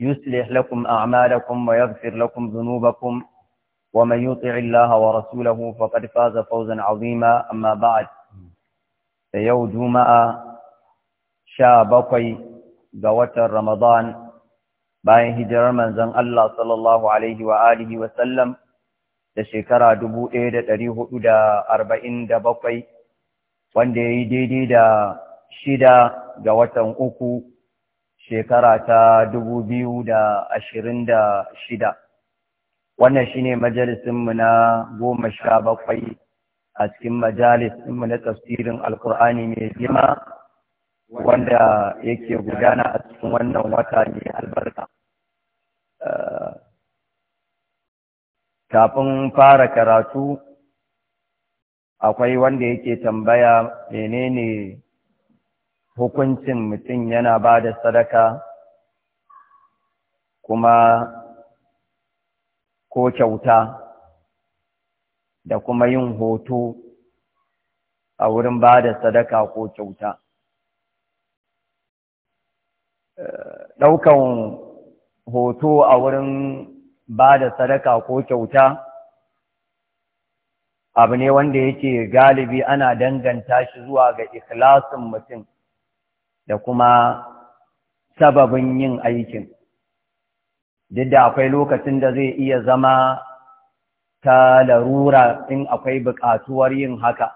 يصلح لكم أعمالكم ويغفر لكم ذنوبكم ومن يطع الله ورسوله فقد فاز فوزا عظيما أما بعد فيو جمعة شابقي watan رمضان bayan hijirar manzon Allah shekara dubu ɗaya da wa sallam da da bakwai, wanda ya yi daidai da shida ga watan uku shekara ta dubu biyu da ashirin da shida. Wannan shine mu na goma sha bakwai a cikin majalisinmu na tafsirin Alkur'ani mai girma wanda yake gudana a cikin wannan wata ne albarka. Eh, kafin fara karatu, akwai wanda yake tambaya menene hukuncin mutum yana ba da sadaka kuma ko kyauta da kuma yin hoto a wurin ba da sadaka ko kyauta. Ɗaukan hoto a wurin ba da sadaka ko kyauta abu ne wanda yake galibi ana danganta shi zuwa ga ikhlasin mutum. da kuma sababin yin aikin duk da akwai lokacin da zai iya zama ta larura in akwai buƙatuwar yin haka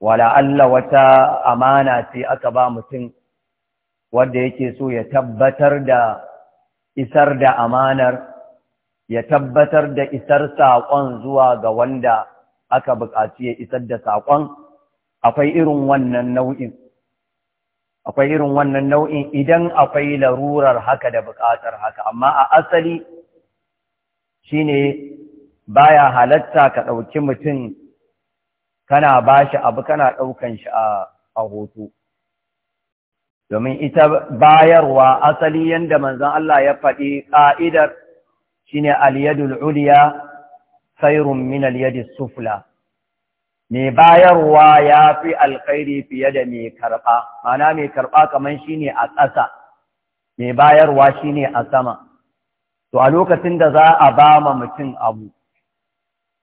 wala Allah wata amana ce aka ba mutum wanda yake so ya tabbatar da isar da amanar ya tabbatar da isar saƙon zuwa ga wanda aka buƙaci ya isar da saƙon akwai irin wannan nau'in akwai irin wannan nau'in idan akwai larurar haka da buƙatar haka amma a asali shine baya halatta ka ɗauki mutum kana bashi abu kana ɗaukan shi a hoto domin ita bayarwa asali yadda manzon Allah ya faɗi ƙa'idar shine al-yadul uliya khairun min al sufla mai bayarwa ya fi alkhairi fiye da mai karɓa mana mai karɓa kamar shi ne a ƙasa mai bayarwa shi ne a sama to a lokacin da za a ba ma mutum abu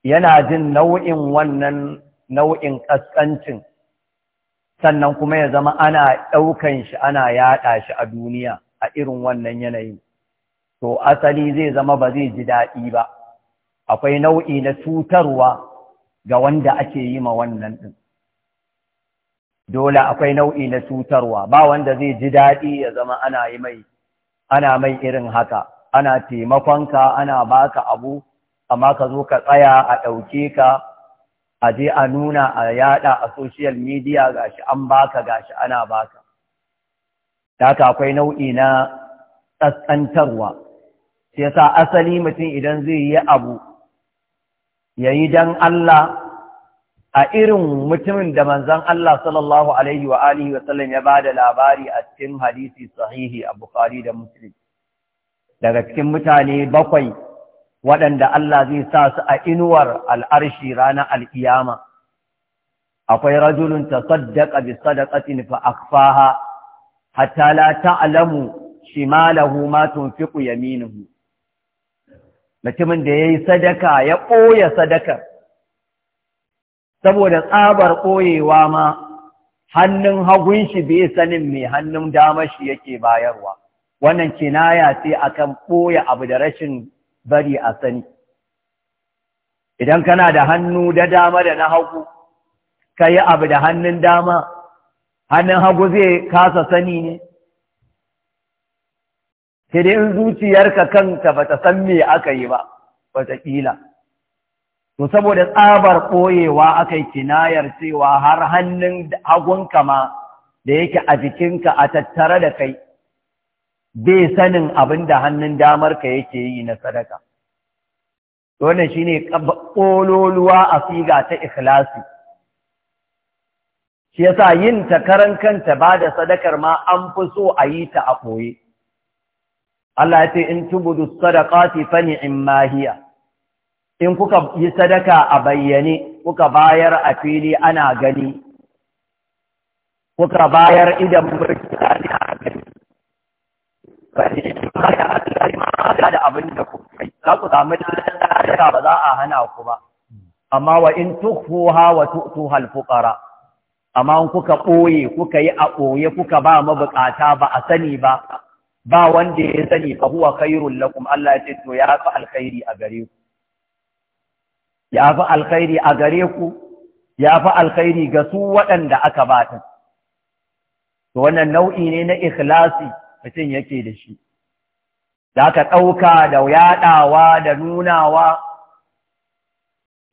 yana jin nau'in wannan nau'in ƙasƙancin sannan kuma ya zama ana ɗaukan shi ana yaɗa shi a duniya a irin wannan yanayi to asali zai zama ba zai ji daɗi ba akwai nau'i na cutarwa ga wanda ake yi ma wannan ɗin. Dole akwai nau'i na cutarwa, ba wanda zai ji daɗi ya zama ana yi mai, ana mai irin haka, ana taimakonka, ana baka abu, amma ka zo ka tsaya a ɗauke ka, a je a nuna a yaɗa a social media gashi an baka gashi ana baka. Daka akwai nau'i na tsantsantarwa, sai sa asali mutum idan zai yi abu ya yi don Allah a irin mutumin da manzan Allah sallallahu Alaihi wa wasallam ya ba da labari a cikin hadisi sahihi a Bukhari da Muslim. Daga cikin mutane bakwai waɗanda Allah zai sa su a inuwar al'arshi ranar al'iyama. Akwai rajulun ta saddaka bi sadakatin fa'akfaha, hatta la ta'alamu shimalahu ma tunfiku yaminuhu. mutumin da ya yi sadaka ya ɓoye sadakar saboda tsabar ɓoyewa ma hannun hagun shi bai sanin mai hannun damar shi yake bayarwa wannan kinaya ce akan ɓoye abu da rashin bari a sani idan kana da hannu da dama da na hagu ka yi abu da hannun dama hannun hagu zai kasa sani ne sai dai in zuciyarka kanka bata san me aka yi ba wataƙila to saboda tsabar ɓoyewa aka yi kinayar cewa har hannun hagunka ma da yake a jikinka a tattare da kai bai sanin abin da hannun damarka yake yi na sadaka shi shine ƙololuwa a siga ta ikhlasi shi yasa yin ta karan kanta ba da sadakar ma an fi so a yi ta a ɓoye Allah ya ce in tubudu sadaqati fa ni'ma hiya in kuka yi sadaka a bayyane kuka bayar a fili ana gani kuka bayar idan mutane a gani fa ni'ma hiya Allah da abin da ku kai za ku samu sadaka ba za a hana ku ba amma wa in tukhuha wa tu'tuha al-fuqara amma in kuka ɓoye kuka yi a ɓoye kuka ba mabukata ba a sani ba ba wanda ya sani fa huwa khairul lakum Allah ya ce to ya fi alkhairi a gare ku ya fi alkhairi a gare ku ya alkhairi ga su waɗanda aka ta, to wannan nau'i ne na ikhlasi mutum yake da shi da ka ɗauka da yaɗawa da nunawa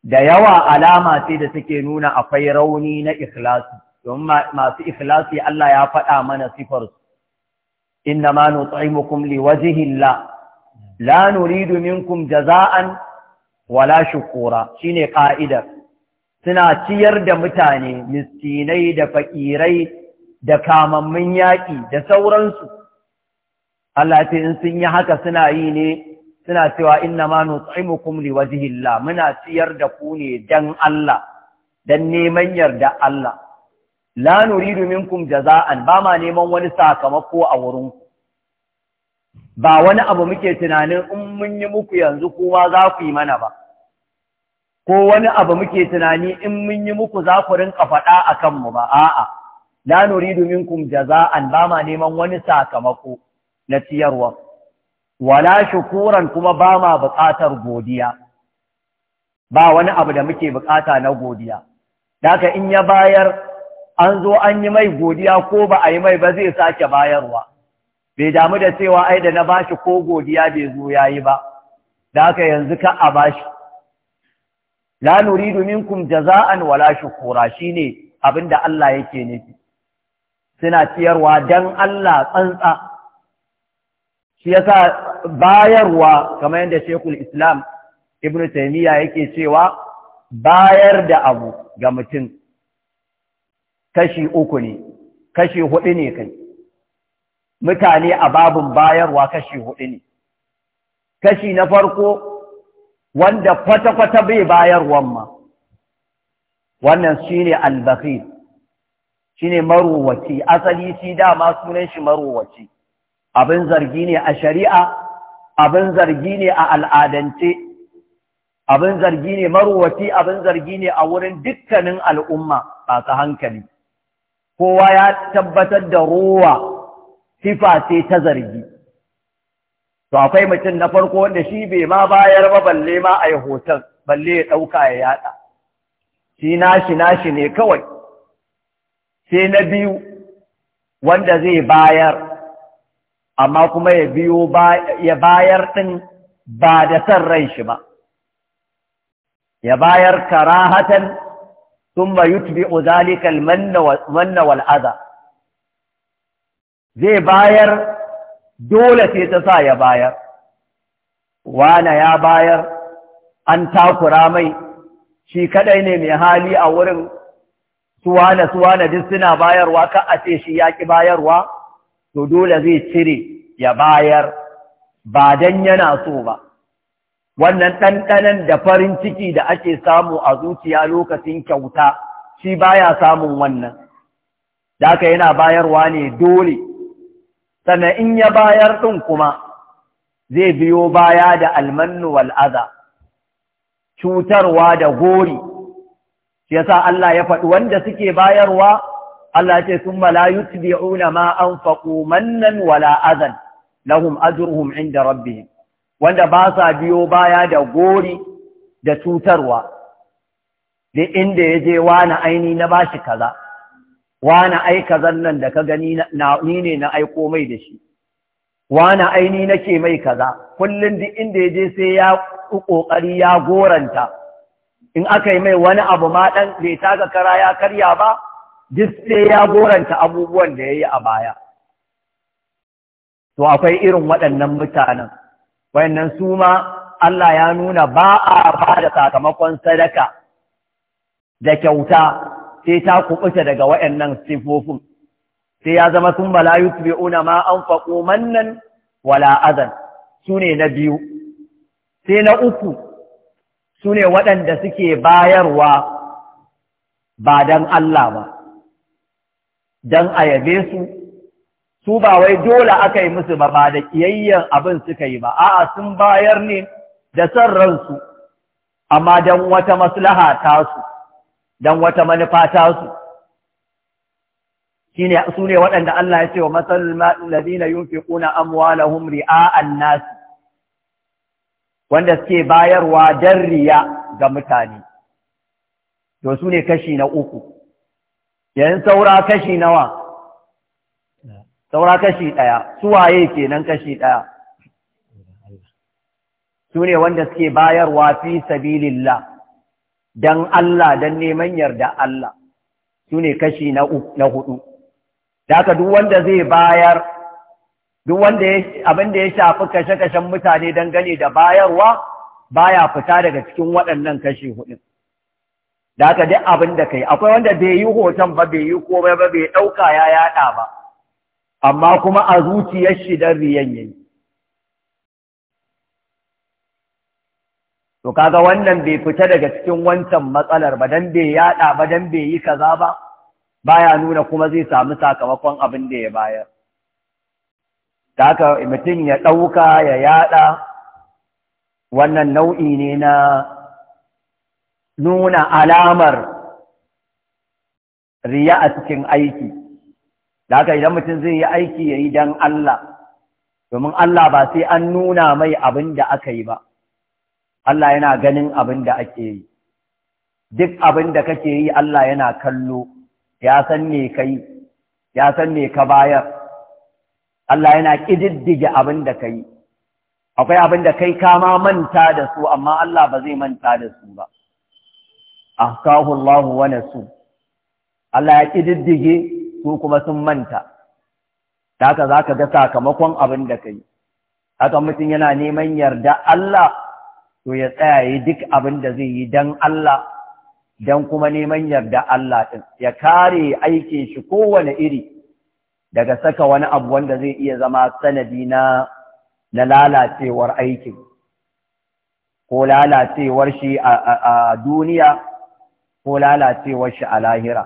da yawa alama ce da suke nuna akwai rauni na ikhlasi domin masu ikhlasi Allah ya faɗa mana sifarsu إنما نطعمكم لوجه الله لا نريد منكم جزاء ولا شكورا شيني قائدة suna ciyar da mutane miskinai da faƙirai da kamammin yaƙi da sauransu Allah ce in sun yi haka suna yi ne suna cewa inna ma nut'imukum liwajhillah muna ciyar da ku ne dan Allah dan neman yarda Allah la nuridu minkum jaza'an ba ma neman wani sakamako a wurin ku ba wani abu muke tunanin in mun yi muku yanzu kuma za ku yi mana ba ko wani abu muke tunani in mun yi muku za ku rinka faɗa a kanmu ba a'a la nuridu minkum jaza'an ba ma neman wani sakamako na tiyarwa wala shukuran kuma ba ma buƙatar godiya ba wani abu da muke buƙata na godiya Daka in ya bayar an zo an yi mai godiya ko ba a yi mai ba zai sake bayarwa bai damu da cewa ai da na ba shi ko godiya bai zo ya yi ba da haka yanzu ka a bashi la domin minkum jaza'an wala shukura shine da Allah yake nufi suna ciyarwa don Allah tsantsa shi yasa bayarwa kamar yadda Shekul Islam Ibn Taymiyyah yake cewa bayar da abu ga mutum kashi uku ne kashi hudu ne kai mutane a babin bayarwa kashi hudu ne kashi na farko wanda kwata-kwata bai bayarwan ma wannan shi ne albakhir shi ne marowaci asali shi dama sunan shi marowaci abin zargi ne a shari'a abin zargi ne a al'adance abin zargi ne marowaci abin zargi ne a wurin dukkanin al'umma ba masu hankali kowa ya tabbatar da ruwa sifa ce ta zargi to akwai mutum na farko wanda shi bai ma bayar ba balle ma a yi hoton balle ya ɗauka ya yaɗa shi nashi nashi ne kawai sai na biyu wanda zai bayar amma kuma ya biyo ya bayar ɗin ba da son ran shi ba ya bayar karahatan ثم يتبع ذلك المن والأذى zai bayar dole ce ta sa ya bayar wana ya bayar an takura mai shi kadai ne mai hali a wurin suwana suwana duk suna bayarwa ka a ce shi ya ki bayarwa to dole zai cire ya bayar ba dan yana so ba wannan ɗanɗanan da farin ciki da ake samu a zuciya lokacin kyauta shi baya samun wannan da aka yana bayarwa ne dole sannan in ya bayar ɗin kuma zai biyo baya da almannu wal'aza cutarwa da gori shi yasa Allah ya faɗi wanda suke bayarwa Allah ce sun mala yutbi'una ma anfaqu mannan wala azan lahum ajruhum inda rabbihim wanda ba sa biyo baya da gori da cutarwa da inda ya je wani aini na bashi kaza wani ai kazan nan da ka gani ni ne na aiko mai da shi wani aini nake mai kaza kullum duk inda ya je sai ya ƙoƙari ya goranta in aka yi mai wani abu ma ɗan bai taka kara ya karya ba duk sai ya goranta abubuwan da ya yi a baya to akwai irin waɗannan mutanen wayannan su ma Allah ya nuna ba a ba da sakamakon sadaka da kyauta sai ta kubuta daga wayannan sifofin sai ya zama sun bala yutbi'una ma anfaqu mannan wala su sune na biyu sai na uku sune waɗanda suke bayarwa ba dan Allah ba dan a yabe su su ba wai dole aka yi musu ba ba da ƙiyayyen abin suka yi ba a'a sun bayar ne da son ransu amma don wata maslaha su, don wata manufa su, shine su ne waɗanda Allah ya ce wa masalul ladina yunfiquna amwalahum ri'a'an nas wanda suke bayarwa dan riya ga mutane to su ne kashi na uku yayin saura kashi nawa saura kashi ɗaya suwaye kenan kashi ɗaya su ne wanda suke bayarwa fi sabilillah don Allah don neman yarda Allah su ne kashi na hudu da haka duk wanda zai bayar duk wanda abinda ya shafi kashe-kashen mutane don gani da bayarwa baya fita daga cikin waɗannan kashi hudu da haka duk abin da kai akwai wanda bai yi hoton ba bai yi komai ba bai ɗauka ya yada ba amma kuma a zuciyar shi dan riyan yayi to kaga wannan bai fita daga cikin wancan matsalar ba dan bai yada ba dan bai yi kaza ba baya nuna kuma zai samu sakamakon abin da ya bayar da haka mutum ya ɗauka ya yada wannan nau'i ne na nuna alamar riya a cikin aiki da haka idan mutum zai yi aiki ya yi don Allah domin Allah ba sai an nuna mai abin da aka yi ba Allah yana ganin abin da ake yi duk abin da kake yi Allah yana kallo ya san me kai ya san me ka bayar Allah yana ƙididdige abin da ka yi akwai abin da kai kama manta da su amma Allah ba zai manta da su ba ahkahu Allah wa nasu Allah ya ƙididdige su kuma sun manta ta haka za ka ga sakamakon abin da ka yi haka mutum yana neman yarda Allah to ya tsaya yi duk abin da zai yi don Allah don kuma neman yarda Allah ɗin ya kare aikin shi kowane iri daga saka wani abu wanda zai iya zama sanadi na na lalacewar aikin ko lalacewar shi a duniya ko lalacewar shi a lahira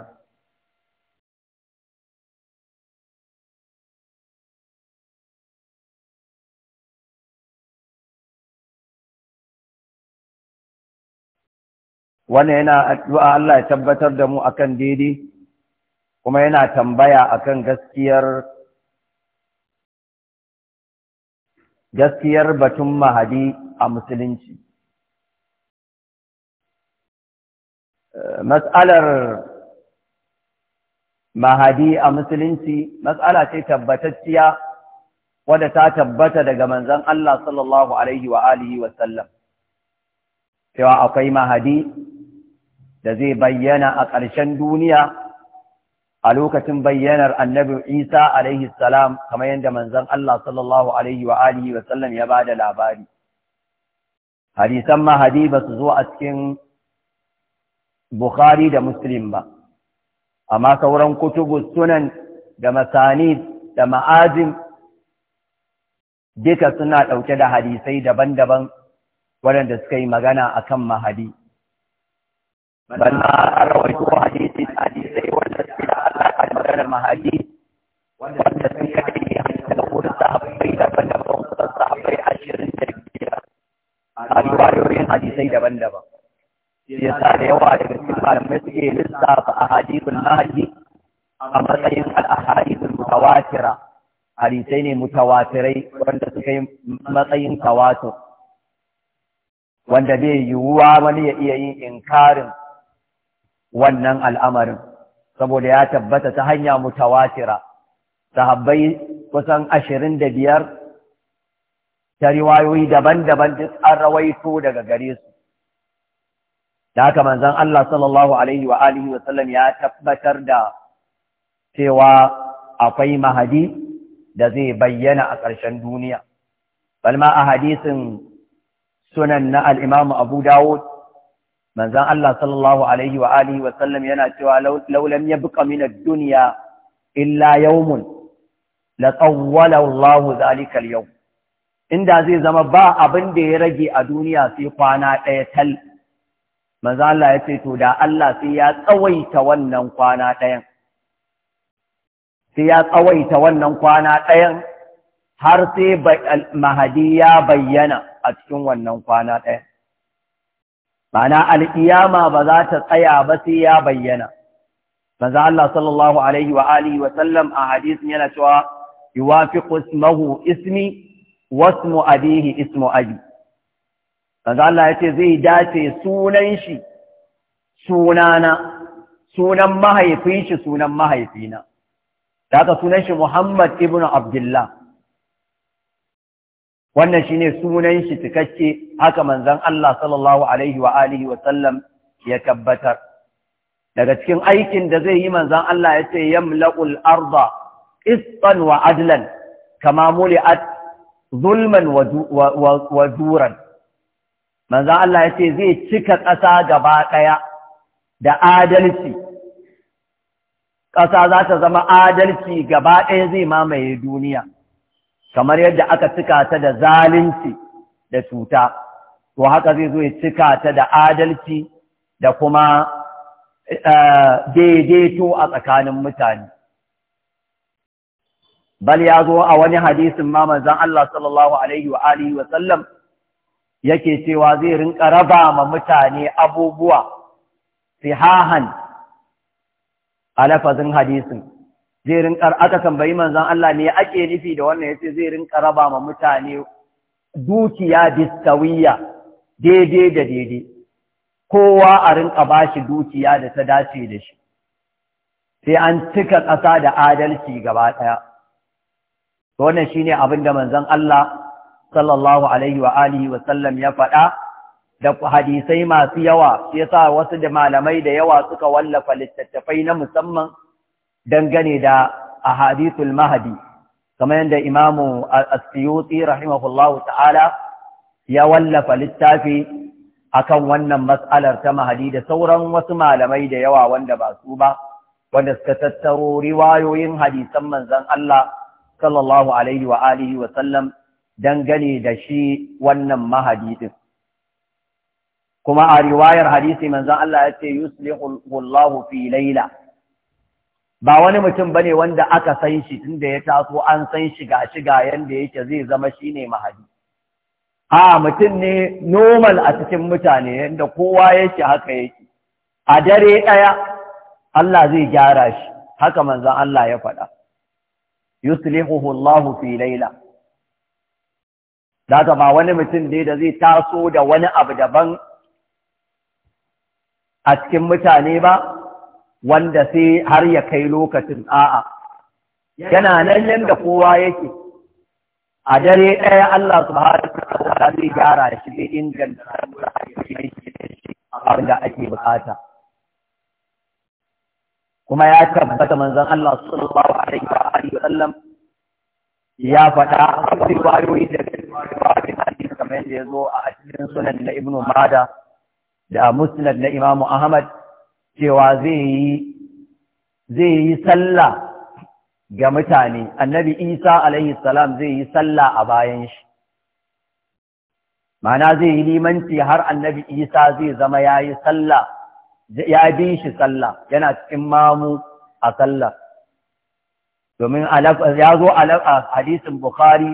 wannan yana addu'a Allah ya tabbatar da mu akan daidai kuma yana tambaya akan gaskiyar gaskiyar batun mahadi a musulunci mas'alar mahadi a musulunci mas'ala ce tabbatacciya wadda ta tabbata daga manzon Allah sallallahu alaihi wa alihi wa sallam cewa akwai mahadi da zai bayyana a ƙarshen duniya a lokacin bayyanar annabi Isa alaihi salam kamar yadda manzon Allah sallallahu alaihi wa alihi wa sallam ya bada labari hadisan mahadi ba su zo a cikin Bukhari da Muslim ba amma sauran kutubu sunan da masanid da ma'azim duka suna ɗauke da hadisai daban-daban waɗanda suka yi magana akan mahadi بل ما رويت حديث حديث والنسبة على المدن المهدي والنسبة كثيرة تقول الصحابي لبن لبن الصحابي عشرين تكبيرة هذه وعيورين حديثي لبن لبن يسأل يوالك استقال مسئي للصحاب أحاديث المهدي أما سيد الأحاديث المتواترة حديثين متواترين وأنت سكي مطين تواتر wanda bai yiwuwa wani ya iya yin inkarin wannan al'amarin saboda ya tabbata ta hanya mutawatira sahabbai kusan ashirin da biyar ta riwayoyi daban-daban duk an rawaito daga gare su da haka manzon Allah sallallahu alaihi wa alihi wa sallam ya tabbatar da cewa akwai mahadi da zai bayyana a ƙarshen duniya balma a hadisin sunan na al-Imam Abu Dawud manzan Allah sallallahu alaihi wa alihi wa yana cewa law ya buƙa min duniya illa yawmun la tawwala Allah zalika inda zai zama ba abin da ya rage a duniya sai kwana ɗaya tal manzo Allah ya ce to da Allah sai ya tsawaita wannan kwana ɗayan sai ya tsawaita wannan kwana ɗayan har sai mahadi ya bayyana a cikin wannan kwana ɗayan ma'ana al'iyama ba za ta tsaya ba sai ya bayyana. Maza Allah sallallahu Alaihi wa Alihi wa sallam a hadisin yana cewa, fi ismahu ismi, wasmu abihi ismu abi. Maza Allah ya ce zai dace sunan shi, sunana, sunan mahaifin shi, sunan mahaifina. Da sunan shi Muhammad ibn Abdullah. wannan shine sunan shi cikakke haka manzon Allah sallallahu alaihi wa alihi wa sallam ya tabbatar daga cikin aikin da zai yi manzon Allah ya ce yamla'ul arda qistan wa adlan kama muli'at zulman wa duran manzon Allah ya ce zai cika ƙasa gaba ɗaya da adalci ƙasa za ta zama adalci gaba ɗaya zai mamaye duniya kamar yadda aka cika ta da zalunci da cuta to haka zai zo ya cika ta da adalci da kuma eh, daidaito a tsakanin mutane bal ya zo a wani hadisin ma manzon Allah sallallahu alaihi wa alihi wa sallam yake cewa zai rinka raba ma mutane abubuwa fi hahan a lafazin hadisin zai rinka aka tambayi manzon Allah ne ake nufi da wannan Ya ce zai rinka raba ma mutane dukiya bisawiya daidai da daidai kowa a rinka bashi dukiya da ta dace da shi sai an cika ƙasa da adalci gaba ɗaya wannan shine abin da manzon Allah sallallahu alaihi wa alihi wa sallam ya faɗa da hadisai masu yawa shi yasa wasu da malamai da yawa suka wallafa littattafai na musamman dangane da ahadithul mahadi kamar yadda imamu as-suyuti ta'ala ya wallafa littafi akan wannan mas'alar ta mahadi da sauran wasu malamai da yawa wanda ba su ba wanda suka tattaro riwayoyin hadisan manzon Allah sallallahu alaihi wa alihi wa sallam dangane da shi wannan mahadi din kuma a riwayar hadisi manzon Allah ya ce yuslihu Allahu fi ba wani mutum bane wanda aka san shi tunda ya taso an san shi ga shi yanda yake zai zama shine mahadi a mutum ne normal a cikin mutane yanda kowa yake haka yake a dare daya Allah zai gyara shi haka manzon Allah ya faɗa yuslihuhu Allah fi layla da ba wani mutum dai da zai taso da wani abu daban a cikin mutane ba wanda sai har ya kai lokacin a'a yana nan yadda kowa yake a dare ɗaya Allah subhanahu wa ta'ala zai gyara shi zai inganta abin da ake bukata kuma ya tabbata manzon Allah sallallahu alaihi wa alihi wa sallam ya faɗa akwai wayoyi da kamar yadda ya zo a cikin sunan na Ibn Mada da musnad na Imam Ahmad cewa zai yi salla sallah ga mutane annabi isa alaihi salam zai yi sallah a bayan shi mana zai yi limanci har annabi isa zai zama ya yi sallah ya bi shi sallah yana cikin mamu a sallah domin ya zo a hadisin bukhari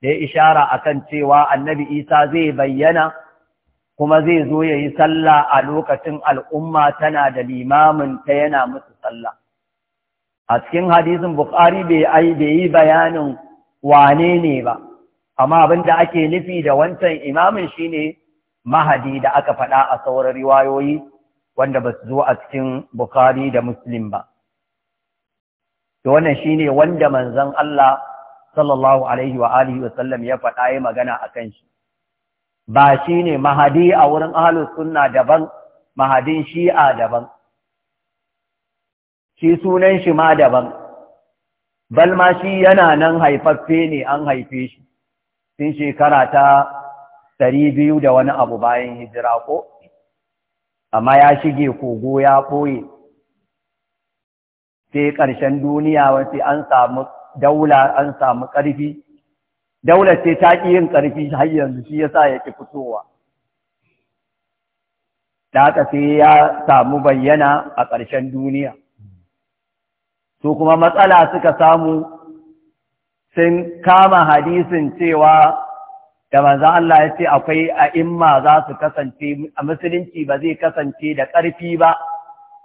da ya ishara akan cewa annabi isa zai bayyana kuma zai zo ya yi sallah a lokacin al'umma tana da limamin ta yana musu sallah. A cikin hadisin Bukhari bai yi bayanin wane ne ba, amma abin da ake nufi da wancan imamin shine mahadi da aka faɗa a sauran riwayoyi wanda ba su zo a cikin Bukhari da Muslim ba. To wannan shine wanda manzon Allah sallallahu Alaihi wa alihi wasallam ya faɗa ya magana a kan shi. ba shi ne mahadi a wurin ahalus sunna daban mahadin shi'a daban shi sunan shi ma daban bal ma shi yana nan haifaffe ne an haife shi tun shekara ta ɗari biyu da wani abu bayan hijira ko amma ya shige kogo ya koye sai ƙarshen duniya wasu an samu daula an samu ƙarfi daular ce ta ƙi yin ƙarfi har yanzu shi ya sa ya ƙi fitowa da haka sai ya samu bayyana a ƙarshen duniya To kuma matsala suka samu sun kama hadisin cewa da manzan Allah ya ce akwai a imma za su kasance a musulunci ba zai kasance da ƙarfi ba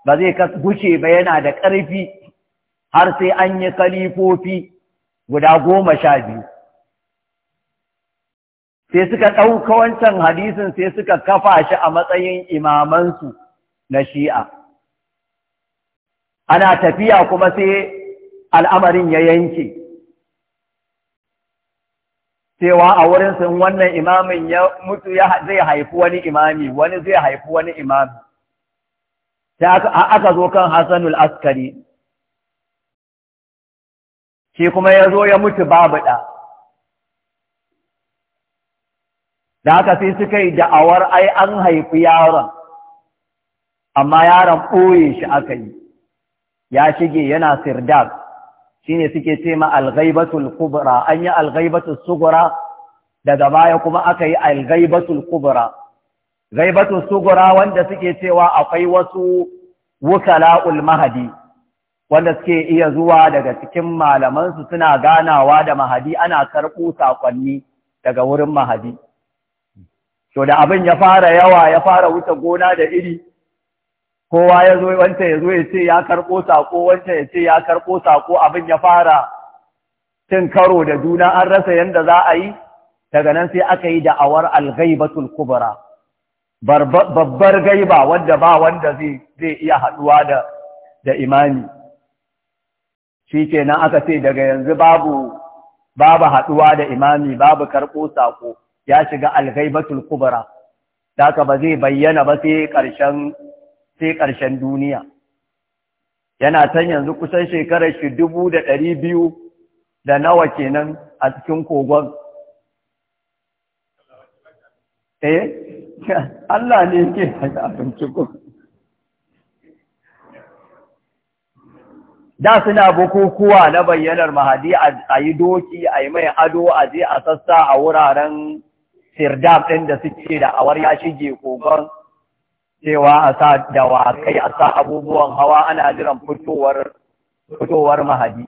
ba zai gushe ba yana da ƙarfi har sai an yi kalifofi guda goma sha biyu sai suka ɗauka wancan hadisin sai suka kafa shi a matsayin imamansu na shi'a ana tafiya kuma sai al'amarin ya yanke cewa a wurin sun wannan imamin ya mutu zai haifi wani imami wani zai haifi wani imami sai aka zo kan hassanul askari shi kuma ya zo ya mutu babu ɗa da haka sai suka yi da'awar ai an haifi yaron amma yaron ɓoye shi aka yi ya shige yana Sirdar. Shi ne suke ce ma alghaibatul kubra an yi alghaibatul sugura daga baya kuma aka yi alghaibatul kubra ghaibatul sugura wanda suke cewa akwai wasu wukala'ul mahadi wanda suke iya zuwa daga cikin malamansu suna ganawa da mahadi ana karɓo sakonni daga wurin mahadi to da abin ya fara yawa ya fara wuce gona da iri kowa ya zo wancan ya zo ya ce ya karɓo sako wancan ya ce ya karɓo sako abin ya fara cin karo da juna an rasa yadda za a yi daga nan sai aka yi da'awar alghaibatul kubra babbar gaiba wanda ba wanda zai iya haɗuwa da da imani shi kenan aka ce daga yanzu babu babu haɗuwa da imani babu karɓo sako ya shiga alghaibatul kubra daga ba zai bayyana ba sai ƙarshen sai karshen duniya yana tan yanzu kusan shekarar shi dubu da ɗari biyu da nawa kenan a cikin kogon eh Allah ne ke da suna bukukuwa na bayyanar mahadi a yi doki a yi mai ado a je a sassa a wuraren sirdam ɗin da suke da awar ya shige kogon cewa a sa dawakai a sa abubuwan hawa ana jiran fitowar mahadi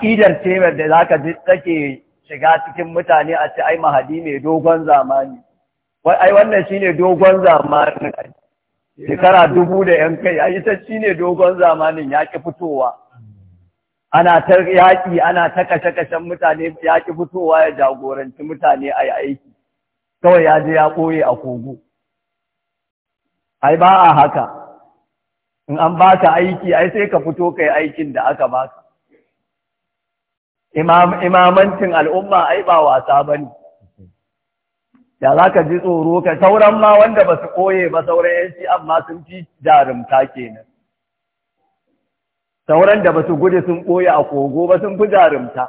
ƙidar ce da za ka take shiga cikin mutane a ce ai mahadi mai dogon zamani ai wannan shine dogon zamani? shekara dubu da yan kai ai ita shine dogon zamanin ya ki fitowa ana ta yaƙi ana ta kashe-kashen mutane ya ƙi fitowa ya jagoranci mutane a aiki kawai ya je ya ɓoye a kogo ai ba a haka in an ba ka aiki ai sai ka fito kai aikin da aka ba ka imamancin al'umma ai ba wasa ba ne da za ka ji tsoro ka sauran ma wanda ba su ɓoye ba sauran yanci amma sun fi jarumta kenan sauran da ba su gudu sun ɓoye a kogo ba sun fi jarumta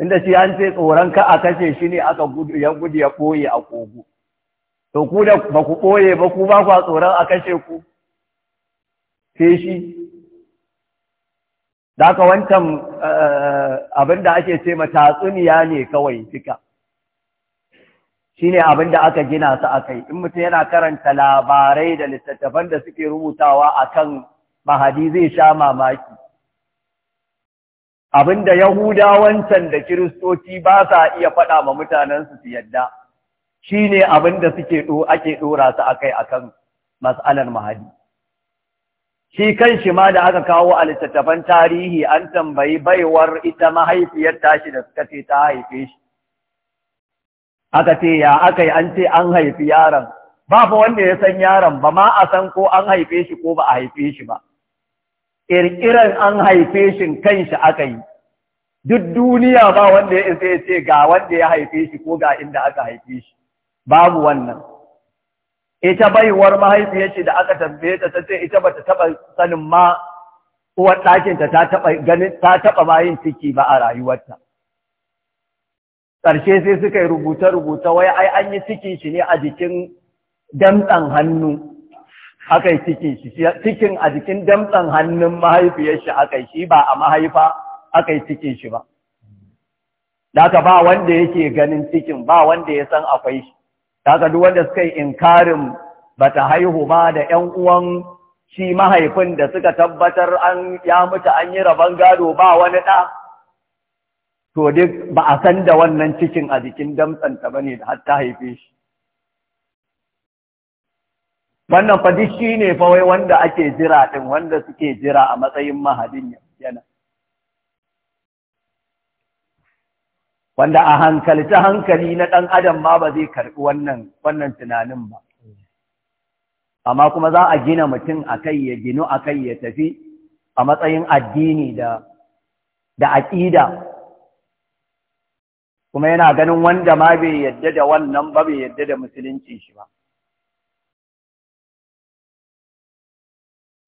inda shi an ce tsoron ka a kashe shi ne aka gudu ya gudu ya ɓoye a kogo to ku da ba ku ɓoye ba ku ba a tsoron a kashe ku Ke shi da aka wancan eh, abin da ake ce ma tatsuniya ne kawai duka shi ne abin da aka gina su a kai in mutum yana karanta labarai da littattafan da suke rubutawa a kan mahadi zai sha mamaki abinda wancan da kiristoci ba sa iya faɗa ma mutanensu su yadda shine abinda suke ake ɗora su a kan mas'alar mahadi shi kan shi ma da aka kawo a littattafan tarihi an tambayi baiwar ita mahaifiyar tashi da suka ce ta haife shi aka ce ya aka yi an ce an haifi yaron ba fa wanda ya san yaron ba ma a san ko an haife shi ko ba a haife shi ba ƙirƙiran an haife shi kanshi aka yi duk duniya ba wanda ya isa ya ce ga wanda ya haife shi ko ga inda aka haife shi babu wannan ita baiwar mahaifiyar shi da aka tambaye ta tace ita bata taɓa sanin ma uwar ɗakinta ta taɓa ganin ma yin ciki ba a rayuwarta ƙarshe sai suka yi rubuta rubuta wai ai an yi ciki shi ne a jikin damtsan hannu aka yi cikin cikin a jikin damtsan hannun mahaifiyar shi aka yi shi ba a mahaifa aka yi cikin shi ba daga ba wanda yake ganin cikin ba wanda ya san akwai shi daga duk wanda suka yi inkarin bata haihu ba da ƴan uwan shi mahaifin da suka tabbatar an ya mutu an yi rabon gado ba wani ɗa to duk ba a san da wannan cikin a jikin damtsanta bane da har ta haife shi wannan fa shi ne fawai wanda ake jira din wanda suke jira a matsayin mahadin yana wanda a hankalci hankali na ɗan adam ma ba zai karɓi wannan tunanin ba amma kuma za a gina mutum a kai ya ginu a kai ya tafi a matsayin addini da da aƙida kuma yana ganin wanda ma bai yadda da wannan ba bai yadda da musulunci shi ba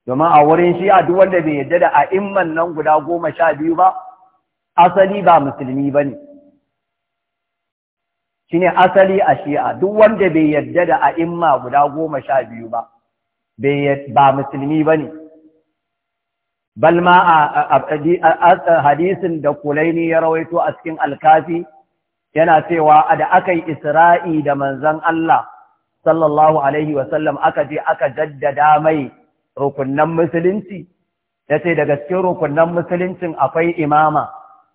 domin a wurin shi a duk wanda bai yadda da a'imman nan guda goma sha biyu ba asali ba musulmi ba ne shi ne asali a shi'a duk wanda bai yadda da a'imma guda goma sha biyu ba ba musulmi ba ne balma a hadisin da kulaini ya rawaito a cikin alkafi yana cewa da aka yi isra'i da manzan Allah sallallahu Alaihi wasallam aka je aka jaddada mai rukunnan musulunci ya ce daga cikin rukunnan musuluncin akwai imama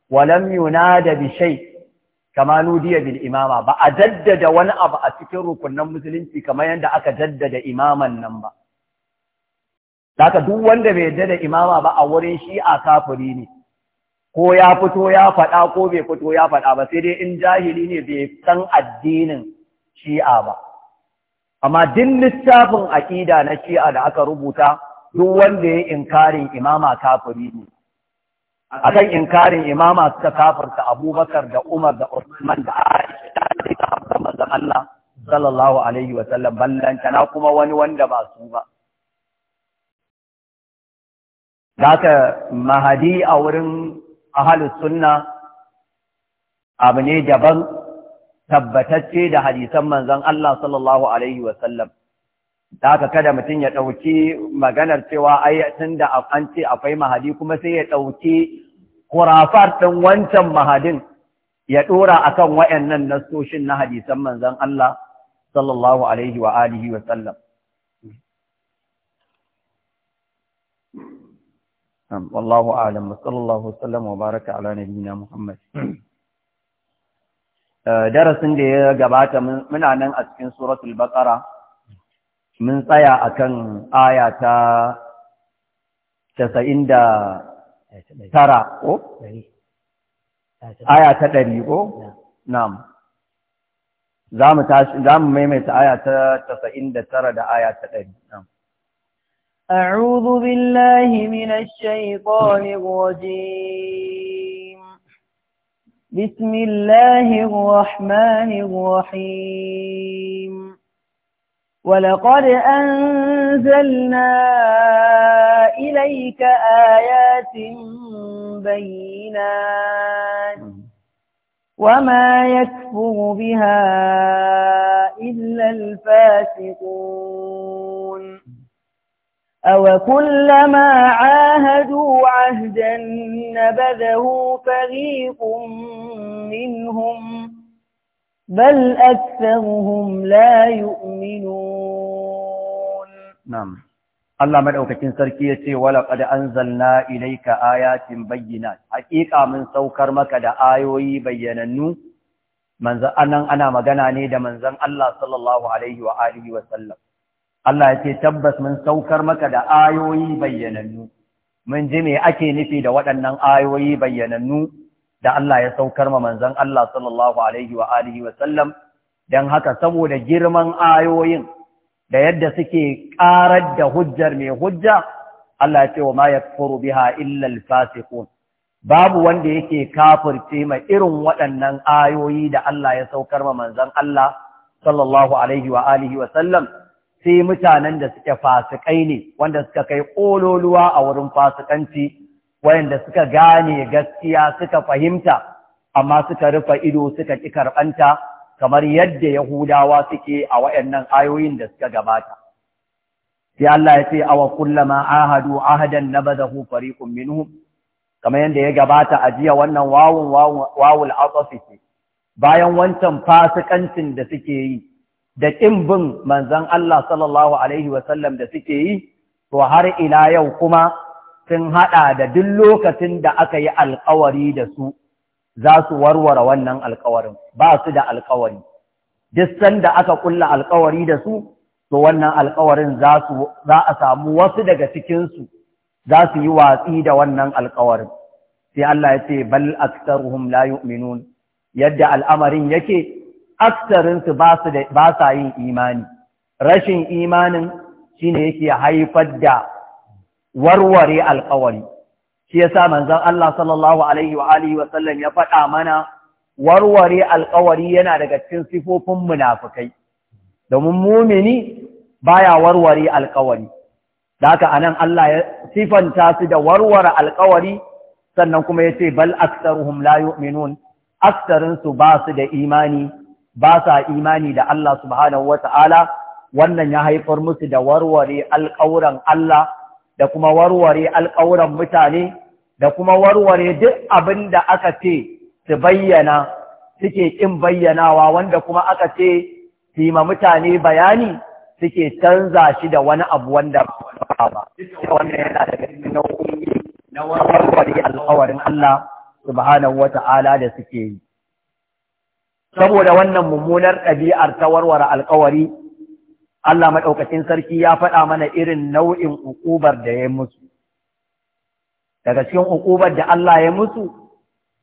walam yunada bi shay kama nudiya bil imama ba a jaddada wani abu a cikin rukunnan musulunci kamar yadda aka jaddada imaman nan ba Daka duk wanda bai yadda da imama ba a wurin shi a kafiri ne, ko ya fito ya faɗa ko bai fito ya faɗa ba sai dai in jahili ne bai san addinin shi'a ba. amma duk littafin aƙida na shi'a da aka rubuta duk wanda ya inkarin imama kafiri ne akan inkarin imama suka kafirta abubakar da umar da usman da aisha da sahabban manzon Allah sallallahu alaihi wa sallam ballantana kuma wani wanda ba su ba Zaka mahadi a wurin ahalus sunna abu ne daban tabbatacce da hadisan manzon Allah sallallahu alaihi wasallam da haka kada mutum ya ɗauki maganar cewa ai tun da an ce akwai mahadi kuma sai ya ɗauki kurafar ɗin wancan mahadin ya ɗora akan kan wa'yannan nassoshin na hadisan manzan Allah sallallahu Alaihi wa alihi wa sallam. Wallahu alam, sallallahu wa sallam wa baraka ala nabina Muhammad. Eh, darasin da ya gabata muna nan a cikin suratul baqara mun tsaya akan aya ta 99 ko aya ta 100 ko na'am zamu tashi zamu maimaita aya ta 99 da aya ta 100 na'am a'udhu billahi minash الشيطان الرجيم بسم الله الرحمن الرحيم ولقد أنزلنا إليك آيات بينات وما يكفر بها إلا الفاسقون أَوَكُلَّمَا عَاهَدُوا عَهْدًا نَبَذَهُ فَرِيقٌ مِّنْهُمْ بَلْ أَكْثَرُهُمْ لَا يُؤْمِنُونَ نعم Allah madaukakin sarki yace wala qad anzalna ilayka ayatin bayyinat haqiqa mun saukar maka da ayoyi bayyanannu manzo ana magana ne da manzon Allah sallallahu wa alihi wa Allah ya ce tabbas mun saukar maka da ayoyi bayyanannu mun ji me ake nufi da waɗannan ayoyi bayyanannu da Allah ya saukar ma manzon Allah sallallahu alaihi wa alihi wa sallam dan haka saboda girman ayoyin da yadda suke ƙarar da hujjar mai hujja Allah ya ce wa ma yakfuru biha illa al-fasiqun babu wanda yake kafirce ma irin waɗannan ayoyi da Allah ya saukar ma manzon Allah sallallahu alaihi wa alihi wa sallam sai mutanen da suke fasikai ne wanda suka kai ƙololuwa a wurin fasikanci wayanda suka gane gaskiya suka fahimta amma suka rufe ido suka ƙi karɓanta kamar yadda Yahudawa suke a wayannan ayoyin da suka gabata sai Allah ya ce awa kullama ahadu ahadan nabadahu fariqun minhum kamar yadda ya gabata a jiya wannan wawun wawul atafi bayan wancan fasikancin da suke yi da ƙin bin manzan Allah sallallahu Alaihi wasallam da suke yi, to har ila yau kuma sun haɗa da duk lokacin da aka yi alkawari da su za su warware wannan alkawarin, ba su da alkawari. Duk sanda aka ƙulla alkawari da su, to wannan alkawarin za a samu wasu daga cikinsu za su yi watsi da wannan alkawarin. Sai Allah ya ce, Bal aktaruhum la yu'minun, yadda al'amarin yake, aksarinsu ba sa yin imani rashin imanin shine yake haifar da warware alkawari shi yasa manzon Allah sallallahu alaihi wa alihi wa sallam ya faɗa mana warware alkawari yana daga cikin sifofin munafikai domin mumini baya warware alkawari haka anan Allah ya sifanta su da warware alkawari sannan kuma yace bal aktsaruhum la yu'minun aksarinsu ba su da imani ba sa imani da Allah subhanahu wa ta'ala wannan ya haifar musu da warware alƙawuran Allah da kuma warware alƙawuran mutane da kuma warware duk abin da aka ce su bayyana suke ƙin bayyanawa wanda kuma aka ce su yi ma mutane bayani suke canza shi da wani abu wanda ba ba. Wannan yana daga nau'o'i na warware alƙawarin Allah subhanahu wa ta'ala da suke yi. saboda wannan mummunar ɗabi'ar ta warware alƙawari, Allah maɗaukacin sarki ya faɗa mana irin nau'in uƙubar da ya musu daga cikin uƙubar da Allah ya musu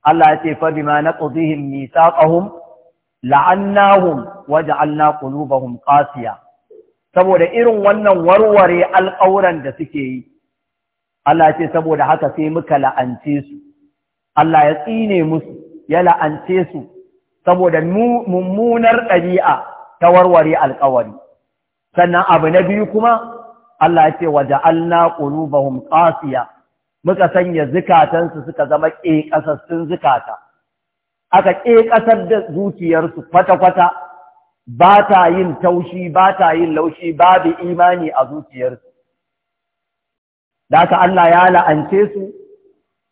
Allah ya ce fa bima naqdihim mithaqahum la'annahum waja'alna qulubahum qasiya saboda irin wannan warware alƙawuran da suke yi Allah ya ce saboda haka sai muka la'ance su Allah ya tsine musu ya la'ance su saboda mummunar ɗabi'a ta warware alƙawari sannan abu na biyu kuma Allah ya ce waje Allah qulubahum qasiya muka sanya zukatansu suka zama ƙeƙasassun zukata aka ƙeƙasar da zuciyarsu kwata-kwata ba ta yin taushi ba ta yin laushi babu imani a zuciyarsu da aka Allah ya la'ance su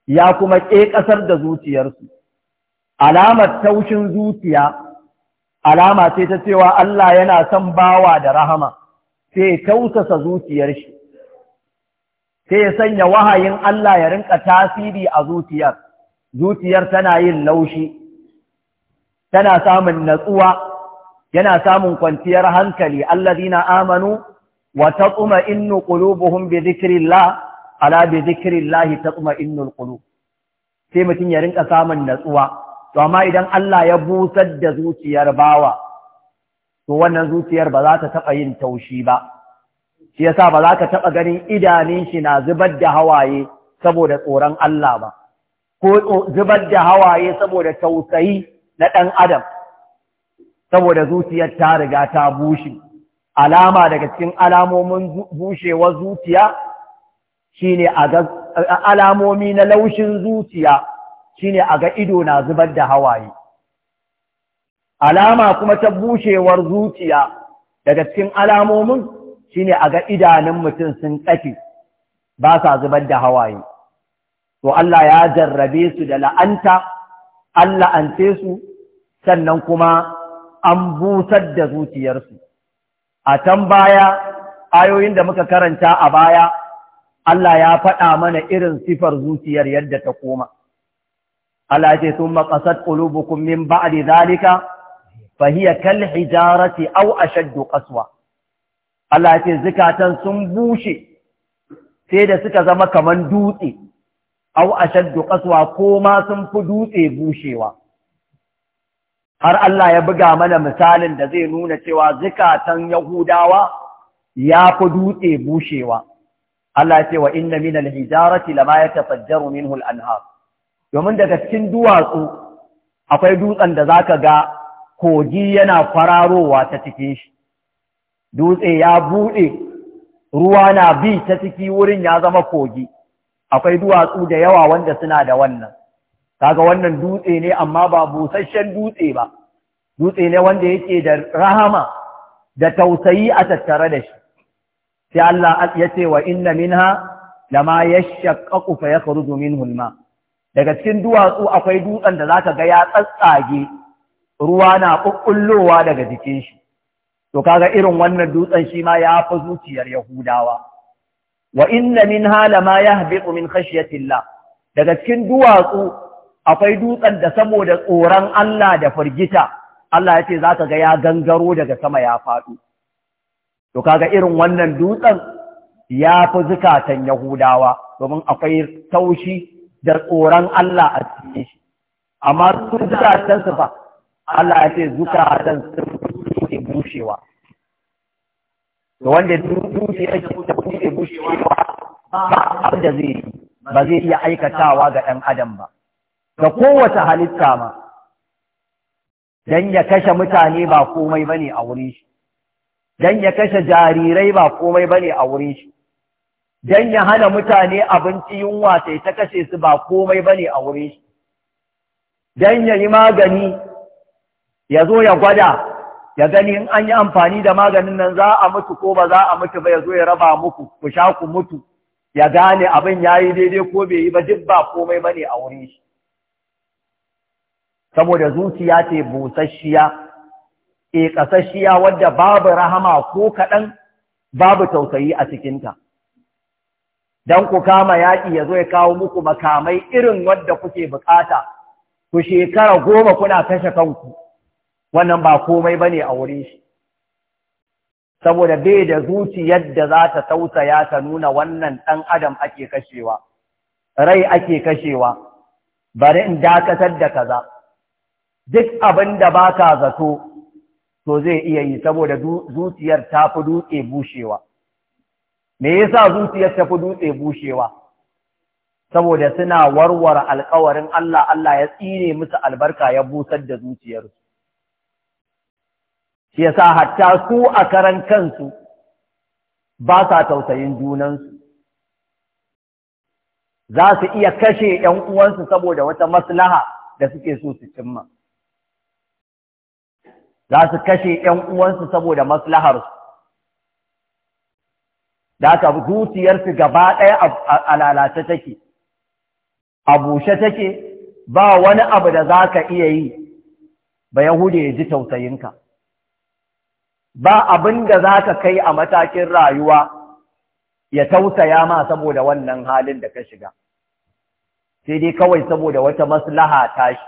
ya kuma ƙeƙasar da zuciyarsu alamar taushin zuciya alama ce ta cewa Allah yana son bawa da rahama sai tausasa zuciyar shi sai ya sanya wahayin Allah ya rinka tasiri a zuciyar zuciyar tana yin laushi tana samun natsuwa yana samun kwanciyar hankali allazina amanu wa tatma'innu qulubuhum bi dhikrillah ala bi dhikrillah tatma'innul qulub sai mutum ya rinka samun natsuwa to amma idan Allah ya busar da zuciyar bawa to wannan zuciyar ba za ta taɓa yin taushi ba shi yasa ba za ka taɓa ganin idanun shi na zubar da hawaye saboda tsoron Allah ba ko zubar da hawaye saboda tausayi na ɗan adam saboda zuciyar ta riga ta bushe alama daga cikin alamomin bushewar zuciya shine alamomi na laushin zuciya shine a ga ido na zubar da hawaye alama kuma ta bushewar zuciya daga cikin alamomin shine a ga idanun mutum sun tsafi ba sa zubar da hawaye to Allah ya jarrabe su da la'anta an la'ance su sannan kuma an busar da zuciyarsu a can baya ayoyin da muka karanta a baya Allah ya faɗa mana irin sifar zuciyar yadda ta koma Allah ce sun maƙasar ƙulu, bukumin ba'adi zalika, fahiyar kal hijarati au a shaddu ƙaswa. Allah ce sun bushe sai da suka zama kaman dutse, au a shaddu ko ma sun fi dutse bushewa. Har Allah ya buga mana misalin da zai nuna cewa zikatan Yahudawa ya fi dutse bushewa. Allah ce wa inna min al-hijarati lama yatafajjaru minhu al-anhar. domin daga cikin duwatsu akwai dutsen da za ka ga kogi yana fararowa ta cikin shi dutse ya buɗe ruwa na bi ta ciki wurin ya zama kogi akwai duwatsu da yawa wanda suna da wannan kaga wannan dutse ne amma ba busasshen dutse ba dutse ne wanda yake da rahama da tausayi a tattare da shi sai Allah ya ce wa inna minha lama yashaqqaqu fa yakhruju minhu al-ma' daga cikin duwatsu akwai dutsen da ka ga ya tsatsage ruwa na ƙuƙullowa daga jikin shi to kaga irin wannan dutsen shi ma ya fi zuciyar yahudawa wa inna min hala ma yahbiqu min khashyatillah daga cikin duwatsu akwai dutsen da saboda tsoron Allah da firgita Allah ya ce za ka ga ya gangaro daga sama ya faɗo to kaga irin wannan dutsen ya fi zukatan yahudawa domin akwai taushi da tsoron Allah a cikin shi amma su su fa Allah ya ce zukatan sun ke bushewa to wanda duk zuciya ke ta ke bushewa ba abin da zai yi ba zai iya aikatawa ga ɗan adam ba ga kowace halitta ma dan ya kashe mutane ba komai bane a wurin shi dan ya kashe jarirai ba komai bane a wurin shi don ya hana mutane abinci yunwa sai ta kashe su ba komai ba ne a wuri shi don ya yi magani ya zo ya gwada ya gani in an yi amfani da maganin nan za a mutu ko ba za a mutu ba ya zo ya raba muku ku sha ku mutu ya gane abin ya yi daidai ko bai yi ba duk ba komai ba ne a wuri shi saboda zuciya ce busasshiya e ƙasasshiya wadda babu rahama ko kaɗan babu tausayi a cikinta don ku kama yaƙi ya zo ya kawo muku makamai irin wadda kuke bukata, ku shekara goma kuna kashe kanku, wannan ba komai ba ne a wurin shi. Saboda bai da zuciyar da za ta tausaya ta nuna wannan ɗan adam ake kashewa, rai ake kashewa, bari in dakatar da kaza. Duk abinda baka zato, to zai iya yi saboda zuciyar ta fi duke bushewa. me yasa zuciyar ta fi dutse bushewa saboda suna warware alƙawarin Allah Allah ya tsine musu albarka ya busar da zuciyarsu shi yasa hatta su a karan kansu ba sa tausayin junansu za su iya kashe ‘yan uwansu saboda wata maslaha da suke so su cimma za su kashe ‘yan uwansu saboda maslaharsu da haka zuciyarsu gaba ɗaya a lalace take a bushe take ba wani abu da za ka iya yi ba Yahudu ya ji tausayinka ba abin da za ka kai a matakin rayuwa ya tausaya ma saboda wannan halin da ka shiga sai dai kawai saboda wata maslaha tashi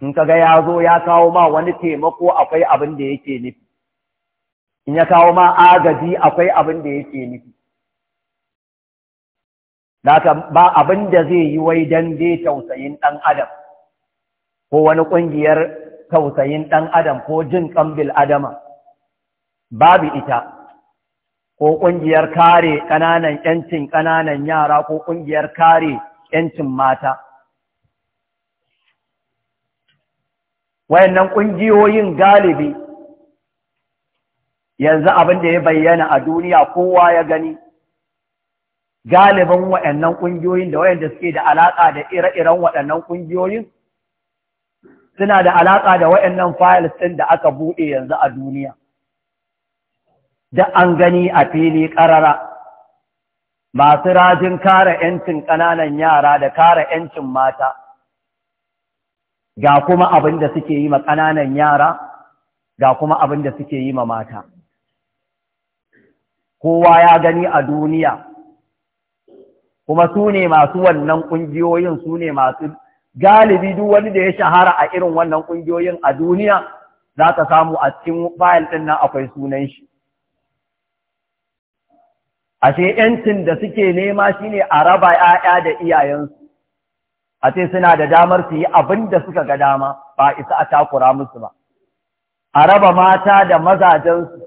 in ka ga ya zo ya kawo ma wani taimako akwai abin da yake nufi in ya kawo ma agaji akwai abin da yake nufi Laka ba abin da zai yi wai don dai tausayin ɗan adam ko wani ƙungiyar tausayin ɗan adam ko jin ƙambil adama babu ita ko ƙungiyar kare ƙananan ‘yancin ƙananan yara ko ƙungiyar kare ‘yancin mata. Wayannan ƙungiyoyin galibi yanzu abin da ya bayyana a duniya kowa ya gani galibin waɗannan ƙungiyoyin da waɗanda suke da alaƙa da ire-iren waɗannan ƙungiyoyin suna da alaƙa da waɗannan files ɗin da aka buɗe yanzu a duniya da an gani a fili ƙarara masu rajin kare 'yancin ƙananan yara da kare 'yancin mata ga kuma abin da suke yi ma ƙananan yara ga kuma abin da suke yi ma mata. kowa ya gani a duniya kuma su ne masu wannan ƙungiyoyin su ne masu galibi duk wani da ya shahara a irin wannan ƙungiyoyin a duniya za ta samu a cikin fayil ɗin nan akwai sunan shi ashe ‘yancin da suke nema shine a raba ‘ya'ya da iyayensu a ce suna da damar su yi abin da suka ga dama ba isa a takura musu ba a raba mata da mazajensu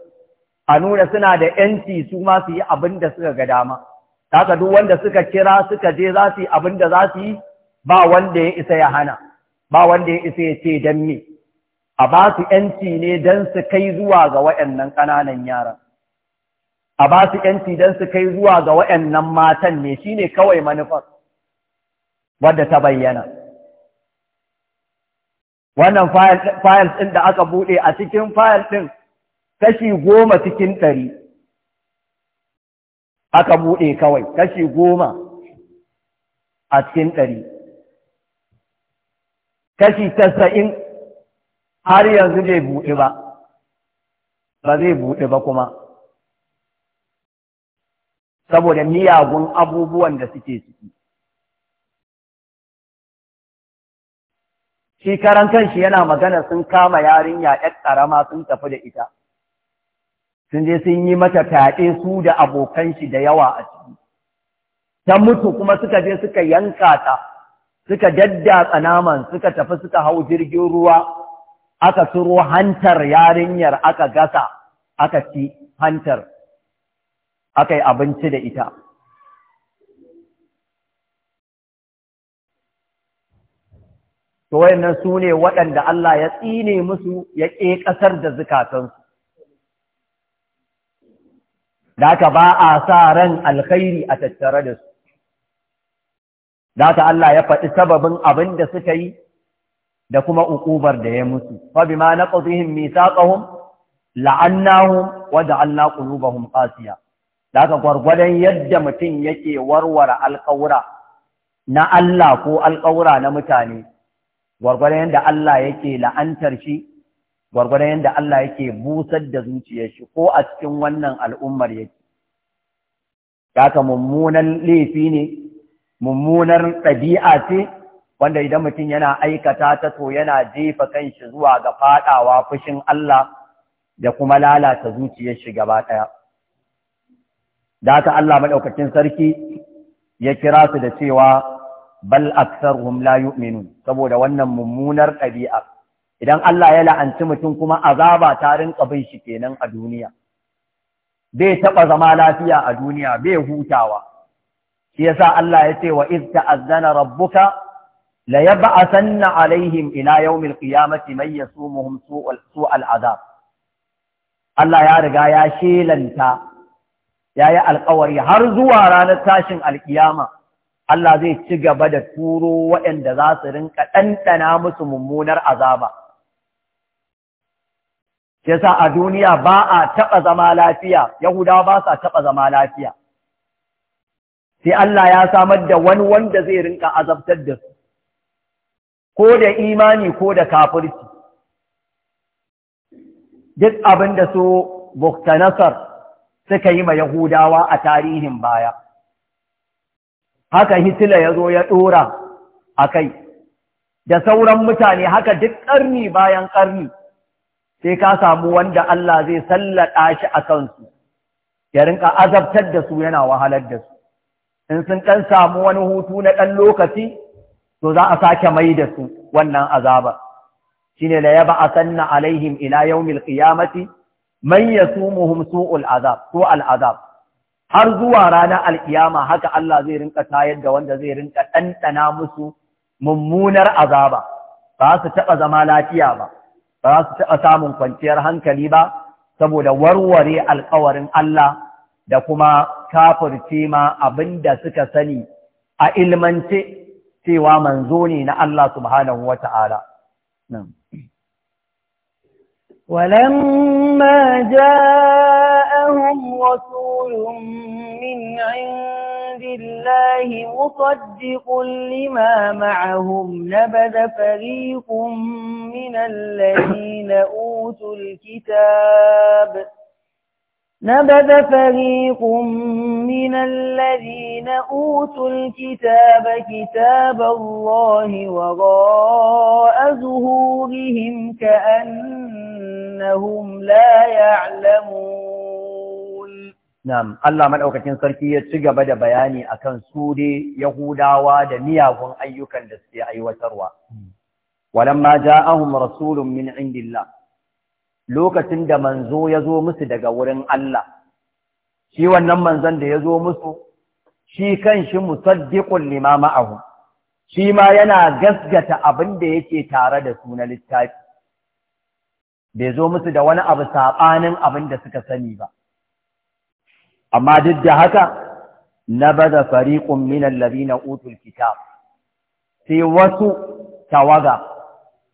a nuna suna da ‘yanci su ma su yi abin da suka ga dama, haka duk wanda suka kira suka je za su yi abin da za su yi ba wanda ya isa ya hana, ba wanda ya isa ya ce don me, a ba su ‘yanci ne don su kai zuwa ga waɗannan ƙananan yaran, a ba su ‘yanci don su kai zuwa ga waɗannan matan ne shi ne kawai manufar wadda ta bayyana. Wannan fayil ɗin da aka buɗe a cikin fayil ɗin kashi goma cikin ɗari aka buɗe kawai kashi goma a cikin ɗari kashi tasa'in har yanzu bai buɗe ba ba zai buɗe ba kuma saboda miyagun abubuwan da suke ciki shi karan kanshi yana magana sun kama yarinya 'yar ƙarama sun tafi da ita sun je sun yi mata fyaɗe su da abokan shi da yawa a ciki ta mutu kuma suka je suka yanka ta suka daddatsa naman suka tafi suka hau jirgin ruwa aka turo hantar yarinyar aka gasa aka ci hantar aka yi abinci da ita to wayannan su ne waɗanda Allah ya tsine musu ya ƙe ƙasar da zukatansu da haka ba a sa ran alkhairi a tattare da su da haka Allah ya faɗi sababin abin da suka yi da kuma uƙubar da ya mutu fa bima naqdihim mithaqahum la'annahum wa ja'alna qulubahum qasiya da haka gwargwadon yadda mutum yake warware alƙawura na Allah ko alƙawura na mutane gwargwadon yadda Allah yake la'antar shi gwargwadon yadda Allah yake busar da zuciyar shi ko a cikin wannan al'ummar yake Kaka mummunan laifi ne mummunar ɗabi'a ce wanda idan mutum yana aikata ta to yana jefa kanshi zuwa ga faɗawa fushin Allah da kuma lalata zuciyar shi gaba ɗaya da haka Allah maɗaukacin sarki ya kira su da cewa bal aksar la yu'minun saboda wannan mummunar ɗabi'a idan Allah ya la'anci mutum kuma azaba ta rinka bin shi kenan a duniya bai taɓa zama lafiya a duniya bai hutawa shi yasa Allah ya ce wa iz ta'azzana rabbuka la yab'athanna alaihim ila yawmil mai man yasumuhum su'al azab Allah ya riga ya shelanta yayi alƙawari har zuwa ranar tashin alƙiyama Allah zai ci gaba da turo waɗanda za su rinka ɗanɗana musu mummunar azaba ke sa a duniya ba a taɓa zama lafiya, Yahudawa ba sa taɓa zama lafiya. Sai Allah ya samar da wani wanda zai rinka azabtar da su, ko da imani ko da kafirci. Duk abin da su Buktanasar suka yi ma Yahudawa a tarihin baya. Haka Hitler ya zo ya ɗora a kai, da sauran mutane haka duk ƙarni bayan ƙarni. sai ka samu wanda Allah zai sallaɗa shi a kansu ya rinka azabtar da su yana wahalar da su in sun ɗan samu wani hutu na ɗan lokaci to za a sake mai da su wannan azabar shine la yaba sanna alaihim ila yawmil qiyamati man su su'ul azab su al'azab. har zuwa ranar alƙiyama haka Allah zai rinka tayar da wanda zai rinka ɗanɗana musu mummunar azaba ba su taɓa zama lafiya ba ba su taɓa samun kwanciyar hankali ba saboda warware alkawarin Allah da kuma kafirce ma abin da suka sani a ilmance cewa manzo ne na Allah subhanahu wa ta'ala. ولما جاء لهم رسول من عند الله مصدق لما معهم نبذ فريق من الذين أوتوا الكتاب نبذ فريق من الذين أوتوا الكتاب كتاب الله وراء ظهورهم كأنهم لا يعلمون Nam, Allah maɗaukakin sarki ya ci gaba da bayani akan su dai Yahudawa da miyagun ayyukan da suke aiwatarwa. ja ahun rasulun min indillah. Lokacin da manzo ya zo musu daga wurin Allah. Shi wannan manzon da ya zo musu shi kan kanshi musaddiƙun lima ma'ahu. Shi ma yana gasgata abin da yake tare da su na littafi. Bai zo musu da wani abu saɓanin abin da suka sani ba. amma duk da haka na nabada fariƙun minan alladhina utul kitab sai wasu tawaga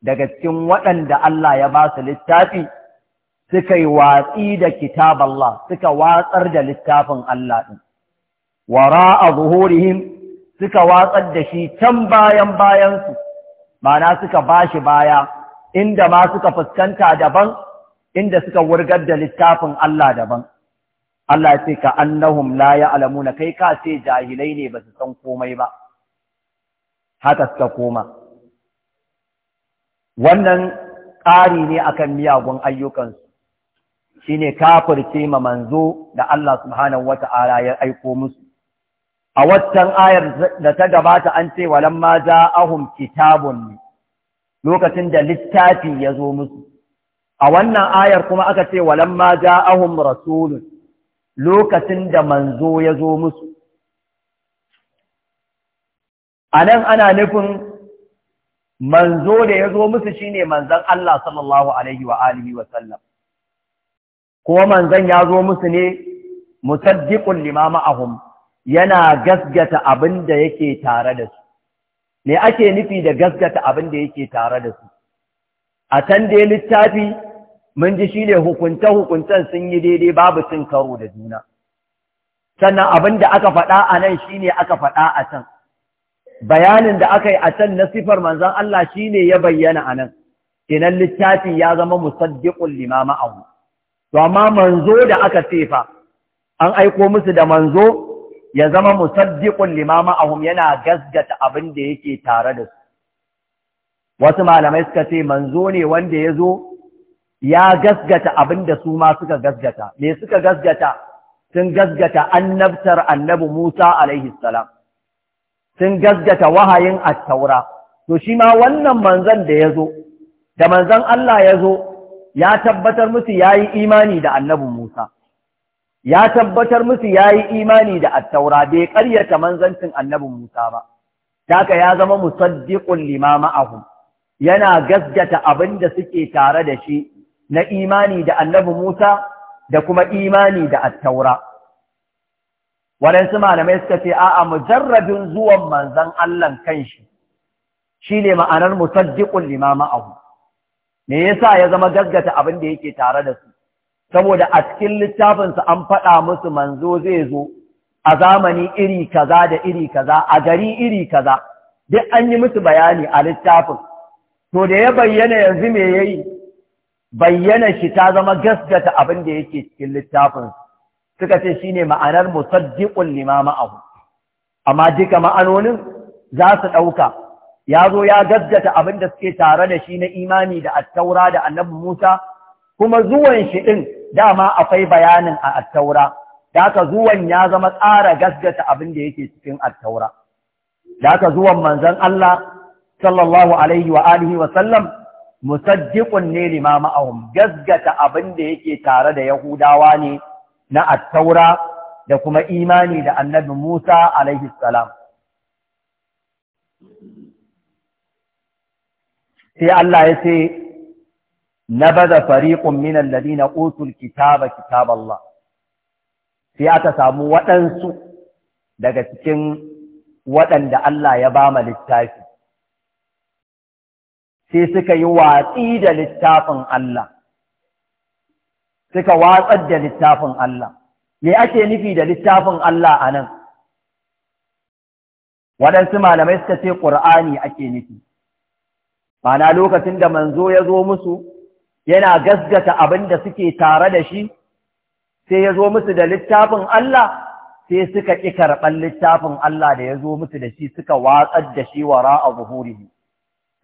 daga cikin waɗanda Allah ya ba su littafi suka yi watsi da kitab Allah suka watsar da littafin Allah din a zuhurihim suka watsar da shi can bayan bayansu mana suka bashi baya inda ma suka fuskanta daban inda suka wurgar da littafin Allah daban Allah ya ce ka annahum la ya'lamuna kai ka ce jahilai ne ba su san komai ba haka suka koma wannan ƙari ne akan miyagun ayyukansu shine kafirce ma manzo da Allah subhanahu wata'ala ya aiko musu a waccan ayar da ta gabata an ce walamma ja'ahum kitabun lokacin da littafi ya zo musu a wannan ayar kuma aka ce walamma ja'ahum rasulun lokacin da manzo ya zo musu a nan ana nufin manzo da ya zo musu shine manzan Allah sallallahu alaihi wa alihi wa sallam ko manzan ya zo musu ne musaddiƙun limama ahum yana gasgata abin da yake tare da su me ake nufi da gasgata abin da yake tare da su a can da littafi mun ji shi ne hukunta hukuntan sun yi daidai babu cin karo da juna sannan abin da aka faɗa a nan shine aka faɗa a can bayanin da aka yi a can na siffar manzan Allah shi ne ya bayyana a nan inan littafin ya zama musaddiƙun limama abu to amma manzo da aka sefa an aiko musu da manzo ya zama musaddiƙun limama ahum yana gasgata abin da yake tare da su wasu malamai suka ce manzo ne wanda ya zo. ya gasgata abin da su ma suka gasgata me suka gasgata sun gasgata annabtar annabi Musa alaihi salam sun gasgata wahayin Attaura. to shi ma wannan manzon da yazo da manzon Allah ya zo, ya tabbatar musu yayi imani da annabi Musa ya tabbatar musu yayi imani da Attaura bai ƙaryata manzancin annabi Musa ba haka ya zama musaddiƙun lima ma'ahum yana gasgata abinda suke tare da shi na imani da annabi Musa da kuma imani da attaura. Waɗansu malamai suka ce, A'a, mujarrabin zuwan manzan Allahn kan shi ne ma'anar musaddiƙun limama abu. Me yasa ya zama gaggata abin da yake tare da su, saboda a cikin littafinsu an faɗa musu manzo zai zo a zamani iri kaza da iri kaza, a gari iri kaza, duk an yi musu bayani a littafin. To da ya bayyana yanzu me ya yi, bayyana shi ta zama gasgata abin da yake cikin littafin suka ce shine ma'anar musaddiqul limama abu amma duka ma'anonin za su ɗauka ya zo ya gasgata abin da suke tare da shi na imani da attaura da annabi Musa kuma zuwan shi ɗin dama akwai bayanin a attaura daka zuwan ya zama tsara gasgata abin da yake cikin attaura da haka zuwan manzon Allah sallallahu alaihi wa alihi wa sallam musaddiqun ne limama ma'ahum gaskata abin da yake tare da yahudawa ne na attaura da kuma imani da annabi Musa alaihi salam sai Allah ya ce nabada fariqun min alladhina utul kitaba kitab sai aka samu waɗansu daga cikin waɗanda Allah ya ba littafi sai suka yi watsi da littafin Allah suka watsar da littafin Allah me ake nufi da littafin Allah a nan waɗansu malamai suka ce ƙur'ani ake nufi Bana lokacin da manzo ya zo musu yana gasgata abin da suke tare da shi sai ya zo musu da littafin Allah sai suka ƙi karɓar littafin Allah da ya zo musu da shi suka watsar da shi wara a buhuri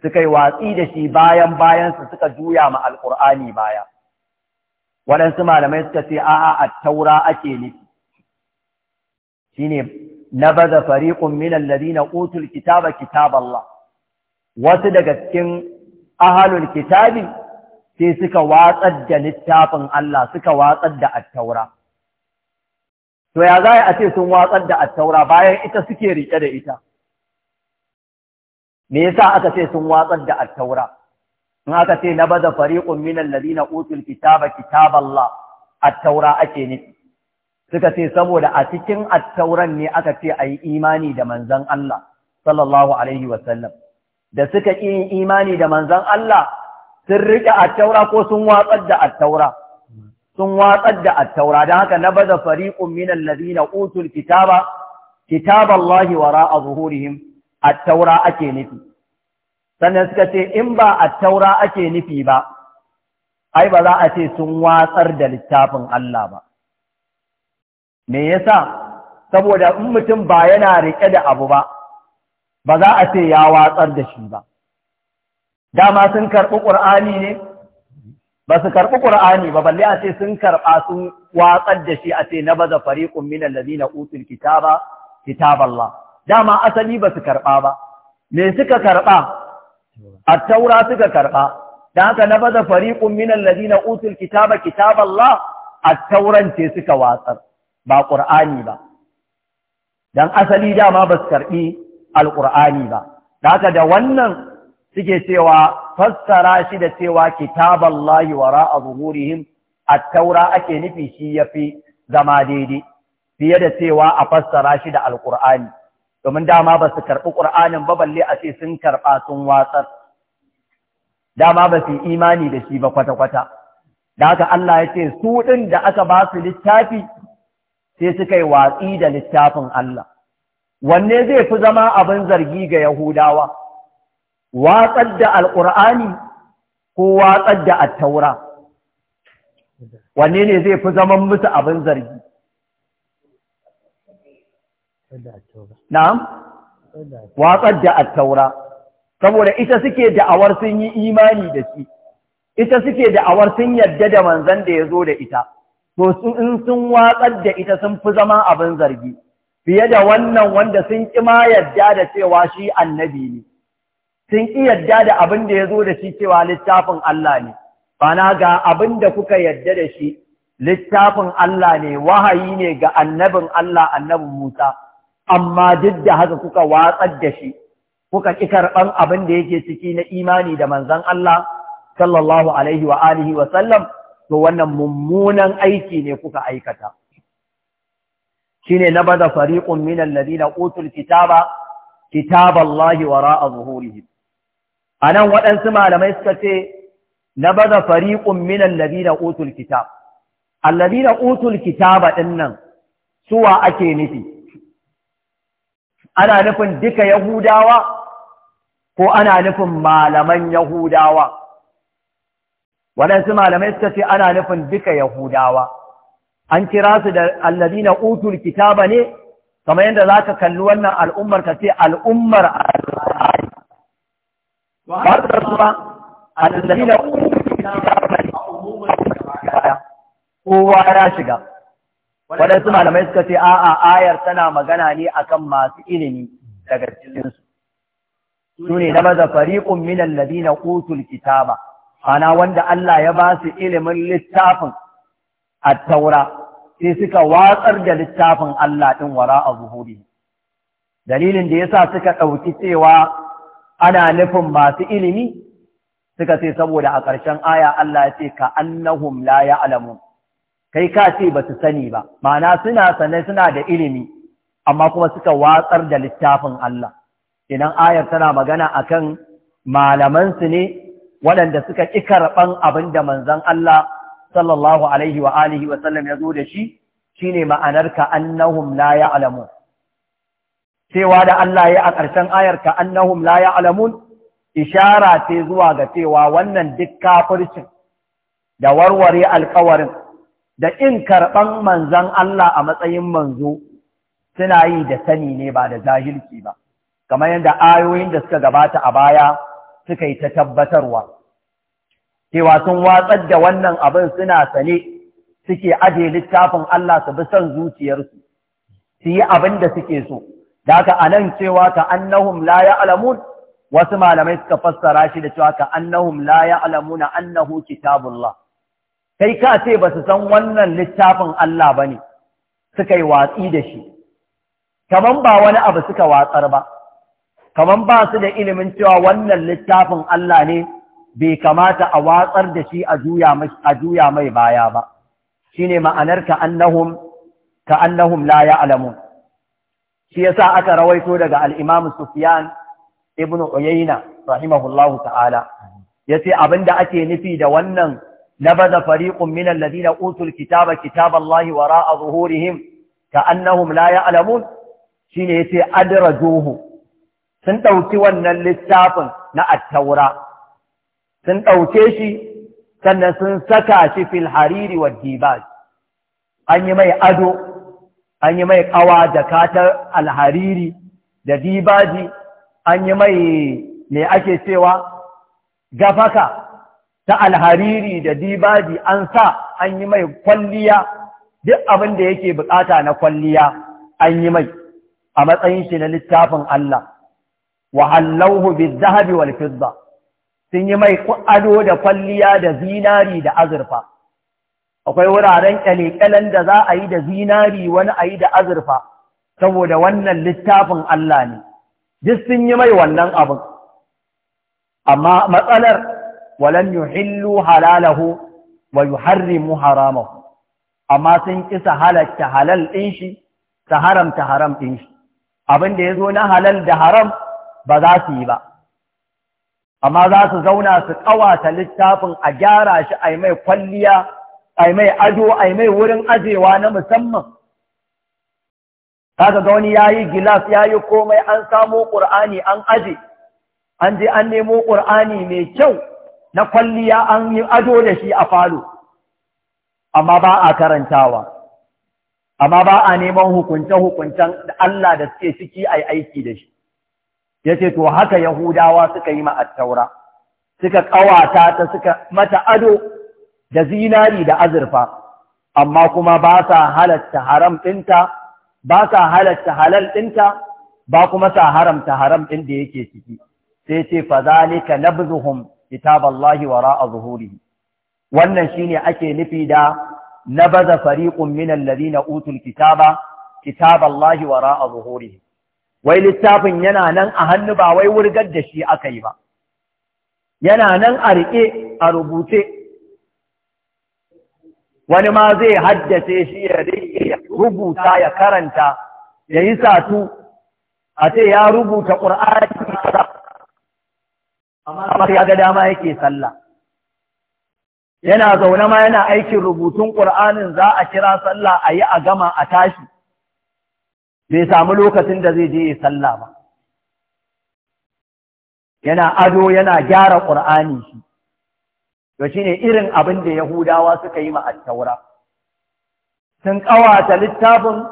suka yi watsi da shi bayan bayansa suka juya ma alƙur'ani baya waɗansu malamai suka ce a'a a taura ake nufi shine nabaza fariqun min na utul kitaba Allah, wasu daga cikin ahalul kitabi sai suka watsar da littafin Allah suka watsar da attaura to ya za a ce sun watsar da attaura bayan ita suke rike da ita me yasa aka ce sun watsar da at-taura in aka ce na bada fariqun minal ladina utul kitaba kitaballah at-taura ake nufi suka ce saboda a cikin at-tauran ne aka ce ayi imani da manzon Allah sallallahu alaihi wasallam da suka yi imani da manzon Allah sun rike at-taura ko sun watsar da at-taura sun watsar da at-taura dan haka na bada fariqun minal ladina utul kitaba kitaballahi wara'a zuhurihim attaura ake nufi sannan suka ce in ba attaura ake nufi ba ai ba za a ce sun watsar da littafin Allah ba me yasa saboda in mutum ba yana riƙe da abu ba ba za a ce ya watsar da shi ba dama sun karɓi ƙur'ani ne ba su karɓi ƙur'ani ba balle a ce sun karɓa sun watsar da shi a ce na baza fariqun min allazina utul kitaba kitaballah dama asali ba su karɓa ba me suka karɓa a taura suka karɓa da haka na baza fariƙun minan na utul kitaba kitaballah a taurance suka watsar ba ƙur'ani ba don asali dama ba su karɓi alƙur'ani ba da haka da wannan suke cewa fassara shi da cewa kitaballahi wara a zuhurihim a taura ake nufi shi ya fi zama daidai fiye da cewa a fassara shi da alƙur'ani domin dama ba su karɓi ƙur'anin ba balle a ce sun karɓa sun watsar dama ba su imani da shi ba kwata-kwata da aka Allah ya ce su ɗin da aka ba su littafi sai suka yi watsi da littafin Allah wanne zai fi zama abin zargi ga Yahudawa watsar da alƙur'ani ko watsar da attaura wanne ne zai fi zaman musu abin zargi na'am watsar da attaura saboda ita suke da'awar sun yi imani da shi ita suke da'awar sun yarda da manzan da ya zo da ita to in sun watsar da ita sun fi zama abin zargi fiye da wannan wanda sun ƙi ma yadda da cewa shi annabi ne sun ƙi yarda da abin da ya zo da shi cewa littafin Allah ne bana ga abin da kuka yarda da shi littafin Allah ne wahayi ne ga annabin Allah annabin Musa amma duk da haka kuka watsar da shi kuka ƙi karɓan abin da yake ciki na imani da manzon Allah sallallahu alaihi wa alihi wa sallam to wannan mummunan aiki ne kuka aikata shine bada fariqun min alladhina utul kitaba kitaballahi wara'a zuhurihim anan waɗansu malamai suka ce bada fariqun min alladhina utul kitab alladhina utul kitaba dinnan suwa ake nufi ana nufin duka yahudawa ko ana nufin malaman yahudawa waɗansu malamai suka ce ana nufin duka yahudawa an kira su da na utul kitaba ne kamar yadda za ka kalli wannan al'ummar ka ce al'ummar al'ari ba su da su ba utul kitaba ne kowa ya shiga waɗansu malamai suka ce a'a ayar tana magana ne akan masu ilimi daga cikinsu su ne na maza fariqun minan ladina utul kitaba ana wanda Allah ya ba su ilimin littafin a taura sai suka watsar da littafin Allah ɗin wara a zuhuri dalilin da yasa suka ɗauki cewa ana nufin masu ilimi suka ce saboda a ƙarshen aya Allah ya ce ka annahum la ya'lamun kai ka ce ba su sani ba ma'ana suna sane suna da ilimi amma kuma suka watsar da littafin Allah idan ayar tana magana akan malamansu ne waɗanda suka ƙi karɓan abin da manzon Allah sallallahu alaihi wa alihi wa sallam ya zo da shi shi ne ma'anar ka annahum la alamun. cewa da Allah ya a ƙarshen ayar ka annahum la alamun, ishara ce zuwa ga cewa wannan duk kafircin da warware alkawarin da in karɓan manzan Allah a matsayin manzo suna yi da sani ne ba da zahilci ba kamar yadda ayoyin da suka gabata a baya suka yi ta tabbatarwa cewa sun watsar da wannan abin suna sane suke ajiye littafin Allah su bi son zuciyarsu su yi abin da suke so da haka anan cewa ka annahum la alamun wasu malamai suka fassara shi da cewa ka annahum la ya'lamuna annahu kitabullah kai ka ce ba su san wannan littafin Allah ba ne suka yi watsi da shi kaman ba wani abu suka watsar ba kamar ba su da ilimin cewa wannan littafin Allah ne bai kamata a watsar da shi a juya mai baya ba Shi ne ma'anar ka’annahum annahum ka annahum la ya'lamun shi yasa aka rawaito daga alimam Sufiyan Sufyan ibn Uyayna rahimahullahu ta'ala ya ce abin da ake nufi da wannan نبذ فريق من الذين أوتوا الكتاب كتاب الله وراء ظهورهم كأنهم لا يعلمون شين يتي أدرجوه سنتوتي ون للتاف نا التوراة سنتوتيشي سنة سنسكاشي في الحرير والديباج أن يمي أدو أن يمي قوى دكاتر الحريري ديباجي أن يمي لأشي سوى gafaka ta alhariri da dibaji an sa an yi mai kwalliya duk abin da yake bukata na kwalliya an yi mai a matsayin shi na littafin Allah wa hallahu bizahabi wal fidda sun yi mai ado da kwalliya da zinari da azurfa akwai wuraren kyalekyalen da za a yi da zinari wani a yi da azurfa saboda wannan littafin Allah ne duk sun yi mai wannan abin amma matsalar walan yuhillu halalahu wa yuharrimu haramahu amma sun ki halatta halal ɗin shi ta haramta haram ɗin shi abin da ya zo na halal da haram ba za su yi ba amma za su zauna su ƙawata littafin a gyara shi a mai kwalliya a mai ado a mai wurin ajewa na musamman kaga ga ya yayi gilas ya yi komai an samo ƙur'ani an aje an je an nemo ƙur'ani mai kyau na kwalliya an yi ado da shi a falo amma ba a karantawa amma ba a neman hukunce-hukuncen da Allah da suke ciki a aiki da shi Ya ce to haka yahudawa suka yi ma'attaura suka ƙawata ta suka mata ado da zinari da azurfa amma kuma ba sa halatta haram ɗinta ba sa halatta halal ɗinta ba kuma sa haramta haram ɗin da yake ciki sai ce fa zalika nabzuhum kitaballahi wara'a zuhurihi wannan shine ake nufi da nabaza fariqun min na utul kitaba kitaballahi wara'a zuhurihi wai littafin yana nan a hannu ba wai wurgar da shi aka yi ba yana nan a riƙe a rubuce wani ma zai haddace shi ya riƙe rubuta ya karanta ya yi satu a ce ya rubuta ƙur'ani amma sai ga dama yake sallah yana zaune ma yana aikin rubutun Qur'anin za a kira sallah a yi a gama a tashi bai samu lokacin da zai je ya sallah ba yana ado yana gyara Qur'ani shi to ne irin abin da Yahudawa suka yi ma taura sun ƙawata littafin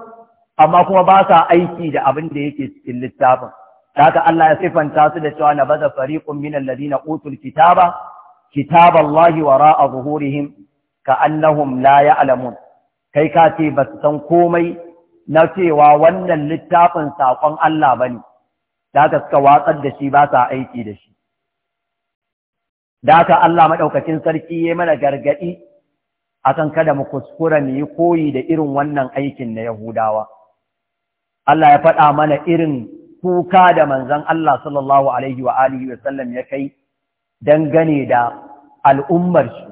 amma kuma ba sa aiki da abin da yake cikin littafin haka Allah ya sifanta su da cewa na baza fariqun min alladhina utul kitaba kitaballahi wara'a zuhurihim ka'annahum la ya'lamun kai ka ce ba su san komai na cewa wannan littafin saƙon Allah bane da suka watsar da shi ba sa aiki da shi da Allah madaukakin sarki ya mana gargadi akan kada mu kuskura mu yi koyi da irin wannan aikin na Yahudawa Allah ya faɗa mana irin kuka da manzan Allah sallallahu Alaihi wa alihi ya kai dangane da al'ummar shi.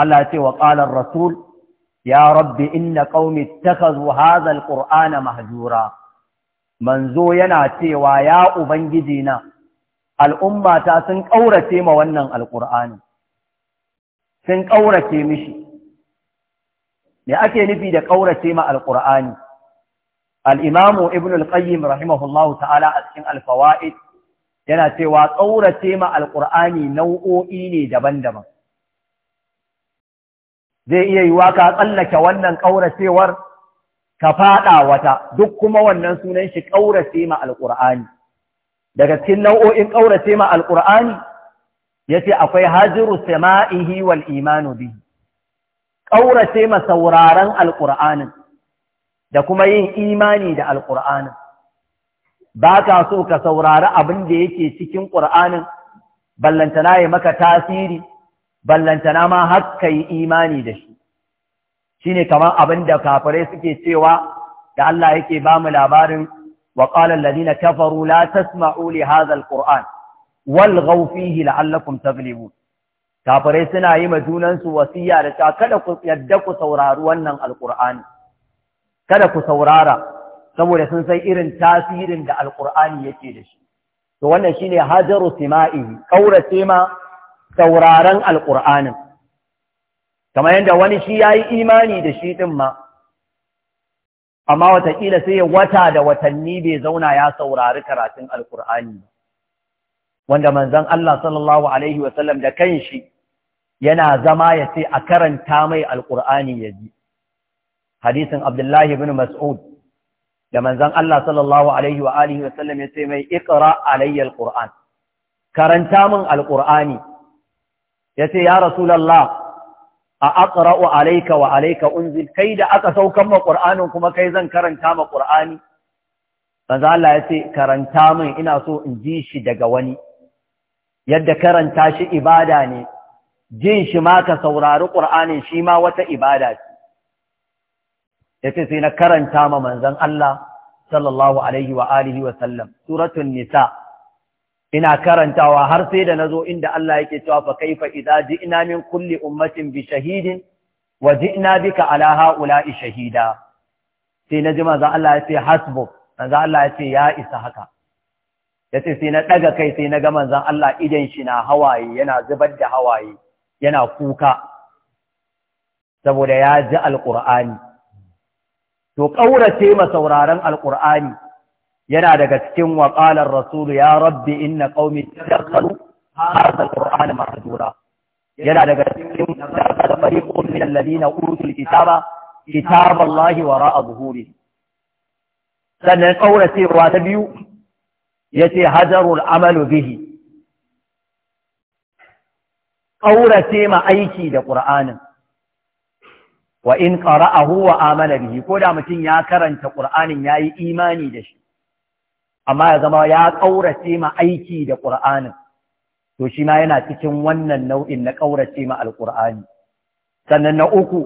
Allah ce wa ƙalar Rasul, ya rabbi inna ƙaumi takazu hazal ƙur'ana mahjura. Manzo yana cewa ya Ubangiji na, al'ummata sun ƙaurace ma wannan alƙur'ani, sun ƙaurace mishi. Me ake nufi da ƙaurace ma alƙur'ani? al'imamu ibn al rahimahullahu ta'ala a cikin alfawa'id yana cewa ƙaurace ma alƙur'ani nau'o'i ne daban-daban zai iya yiwa ka tsallake wannan ƙauracewar ka faɗa wata duk kuma wannan sunan shi ƙaurace ma alƙur'ani daga cikin nau'o'in ƙaurace ma alƙur'ani yace akwai hajiru sama'ihi wal imanu bihi ƙaurace ma sauraron alƙur'anin da kuma yin imani da alƙur'anin ba ka so ka saurari abin da yake cikin ƙur'anin ballantana ya maka tasiri ballantana ma har ka yi imani da shi shi ne kamar abin da kafirai suke cewa da Allah yake ba mu labarin wa ƙalar lalina kafaru la tasma'u li hazal ƙur'an wal gaufihi la'allakum taglibu kafirai suna yi ma junansu wasiya da ta kada ku yadda ku saurari wannan alƙur'ani kada ku saurara saboda sun san irin tasirin da alkur'ani yake da shi to wannan shine hajaru sima'i kaurace ma sauraron alkur'anin kamar yadda wani shi yayi imani da shi din ma amma watakila sai wata da watanni bai zauna ya saurari karatun alkur'ani ba wanda manzon Allah sallallahu alaihi wasallam da kanshi yana zama ya ce a karanta mai alkur'ani ya ji hadisin Abdullahi bin Mas'ud da manzon Allah sallallahu alaihi wa alihi ya ce mai iqra alayya alquran karanta min alqurani yace ya rasulullah a aqra'u alayka wa alayka unzil kai da aka saukan ma qur'anin kuma kai zan karanta ma qur'ani manzo Allah yace karanta min ina so in ji shi daga wani yadda karanta shi ibada ne jin shi ma ka saurari qur'anin shi ma wata ibada ce yace sai na karanta ma manzon Allah sallallahu alaihi wa alihi wa sallam suratul nisa ina karantawa har sai da nazo inda Allah yake cewa fa kaifa idza ji'na min kulli ummatin bi shahidin wa ji'na bika ala haula'i shahida sai ji manzon Allah yace hasbu manzon Allah yace ya isa haka yace sai na daga kai sai na ga manzon Allah idan shi na hawaye yana zubar da hawaye yana kuka saboda ya ji alqur'ani to ƙaurace ma sauraron alƙur'ani yana daga cikin waƙalar rasulu ya rabbi inna qaumi tadakkalu hadha alqur'ana mahdura yana daga cikin da fariqun min alladhina utul kitaba kitaballahi wara'a zuhuri sannan ƙauracewa ta biyu yace hajarul amalu bihi ƙaurace ma aiki da ƙur'anin wa in qara'ahu wa amana bihi ko da mutum ya karanta qur'anin yayi imani da shi amma ya zama ya kaurace ma aiki da qur'anin to shi ma yana cikin wannan nau'in na kaurace ma alqur'ani sannan na uku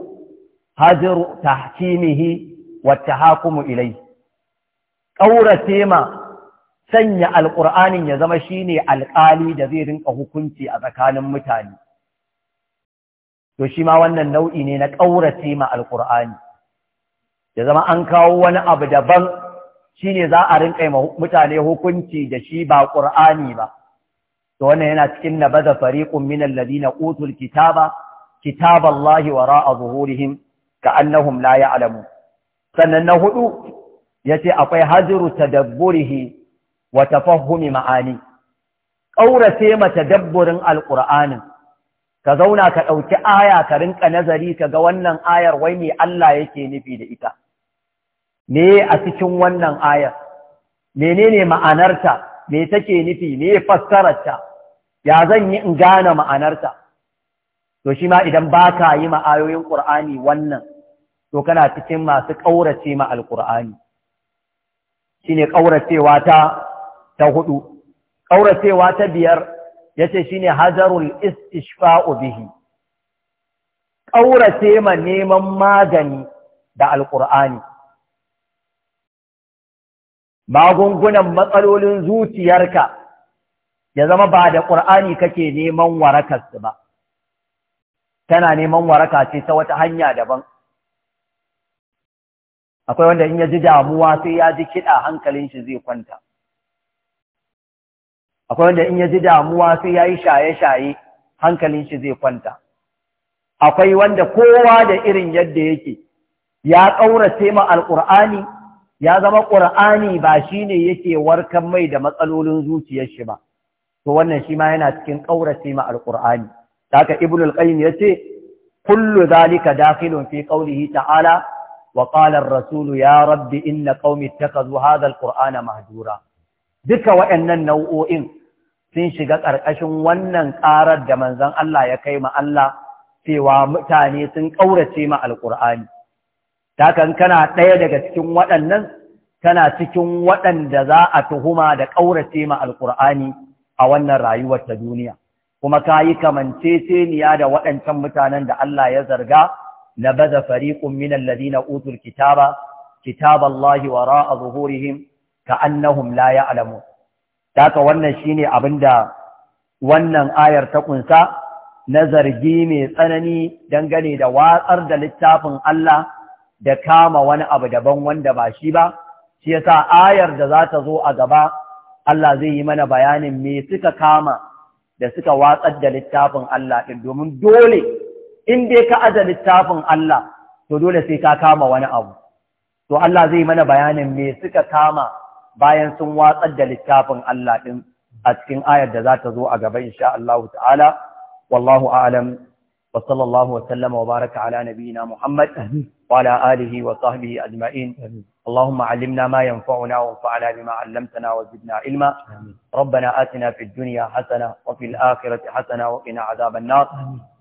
hajaru tahkimihi wa tahakumu ilai. kaurace ma sanya alqur'anin ya zama shine alƙali da zai rinka hukunci a tsakanin mutane to shi ma wannan nau'i ne na ƙaurace ma alƙur'ani ya zama an kawo wani abu daban shi ne za a rinƙa mutane hukunci da shi ba ƙur'ani ba to wannan yana cikin na baza fariƙun minan ladina utul kitaba kitaballahi wara a zuhurihim ka annahum la ya'lamu sannan na hudu yace akwai hajru tadabburihi wa tafahhumi ma'ani ƙaurace ma tadabburin alƙur'anin ka zauna ka ɗauki aya ka rinka nazari ka ga wannan ayar wai me Allah yake nufi da ita me a cikin wannan ayar menene ma'anarta me take nufi me fassararta ya zan yi in gane ma'anarta to shi ma idan baka yi ma ayoyin ƙur'ani wannan to kana cikin masu ƙaurace ma alƙur'ani shine ƙauracewa ta ta hudu ƙauracewa ta biyar yace shine hajarul istishfa'u bihi ƙaurace ma neman magani da alƙur'ani magungunan matsalolin zuciyarka ya zama ba da ƙur'ani kake neman su ba tana neman waraka ce ta wata hanya daban akwai wanda in ya ji damuwa sai ya ji kiɗa hankalin shi zai kwanta akwai wanda in ya ji damuwa sai ya yi shaye-shaye hankalin shi zai kwanta akwai wanda kowa da irin yadda yake ya ƙaurace ma alƙur'ani ya zama ƙur'ani ba shi ne yake warkan mai da matsalolin zuciyar shi ba to wannan shi ma yana cikin ƙaurace ma alƙur'ani haka ibn al-qayyim yace kullu zalika dakhilun fi qawlihi ta'ala wa qala ar-rasulu ya rabbi inna qaumi ittakhadhu hadha al-qur'ana mahjura duka waɗannan nau'o'in sun shiga ƙarƙashin wannan ƙarar da manzon Allah ya kai ma Allah cewa mutane sun ƙaurace ma alƙur'ani takan kana ɗaya daga cikin waɗannan tana cikin waɗanda za a tuhuma da ƙaurace ma alƙur'ani a wannan rayuwar ta duniya kuma ka yi kamanceceniya da waɗancan mutanen da Allah ya zarga na baza fariƙun minan ladina utul kitaba kitaballahi wara a zuhurihim ka annahum la alamu. daga wannan shine abinda wannan ayar ta kunsa na zargi mai tsanani dangane da watsar da littafin Allah da kama wani abu daban wanda ba shi ba shi yasa ayar da za ta zo a gaba Allah zai yi mana bayanin me suka kama da suka watsar da littafin Allah ɗin domin dole in dai ka aza littafin Allah to dole sai ka kama wani abu to Allah zai mana bayanin me suka kama bayan sun watsar da littafin Allah ɗin a cikin ayar da za ta zo a gaba insha Allah ta'ala wallahu a'lam wa sallallahu wa sallama wa baraka ala nabiyyina Muhammad wa ala alihi wa sahbihi ajma'in اللهم علمنا ما ينفعنا وانفعنا بما علمتنا وزدنا علما ربنا آتنا في الدنيا حسنة وفي الآخرة حسنة وقنا عذاب النار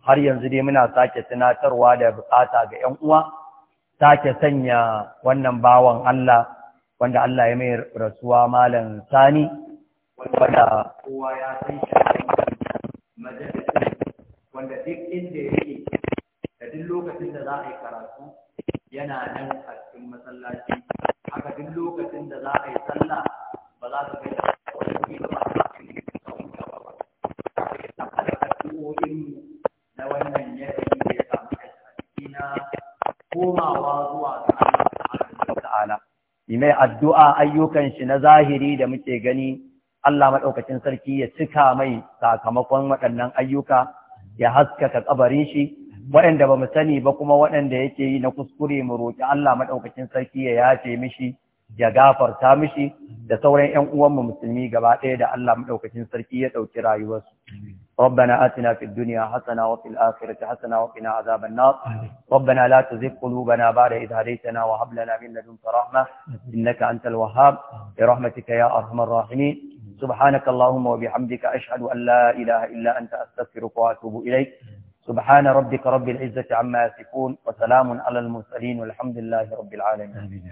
har yanzu dai muna sake tunatarwa da bukata ga 'yan uwa sake sanya wannan bawan Allah wanda Allah ya mai rasuwa malam sani wanda kowa ya san shi majalisa wanda duk inda yake da duk lokacin da za a yi karatu yana nan a cikin masallaci haka duk lokacin da za a yi sallah ba za su kai da wani ba na wannan yanayi da ya samu a cikin komawa yi mai addu'a ayyukan shi na zahiri da muke gani Allah maɗaukacin sarki ya cika mai sakamakon waɗannan ayyuka ya haskaka ƙabarin shi waɗanda ba mu sani ba kuma waɗanda yake yi na kuskure mu roƙi Allah maɗaukacin sarki ya yafe mishi ya gafarta mishi da sauran ƴan uwanmu musulmi gaba ɗaya da Allah madaukakin sarki ya dauki rayuwarsu ربنا آتنا في الدنيا حسنة وفي الآخرة حسنة وقنا عذاب النار ربنا لا تزغ قلوبنا بعد إذ هديتنا وهب لنا من لدنك رحمة إنك أنت الوهاب برحمتك يا أرحم الراحمين سبحانك اللهم وبحمدك أشهد أن لا إله إلا أنت أستغفرك وأتوب إليك سبحان ربك رب العزة عما يصفون وسلام على المرسلين والحمد لله رب العالمين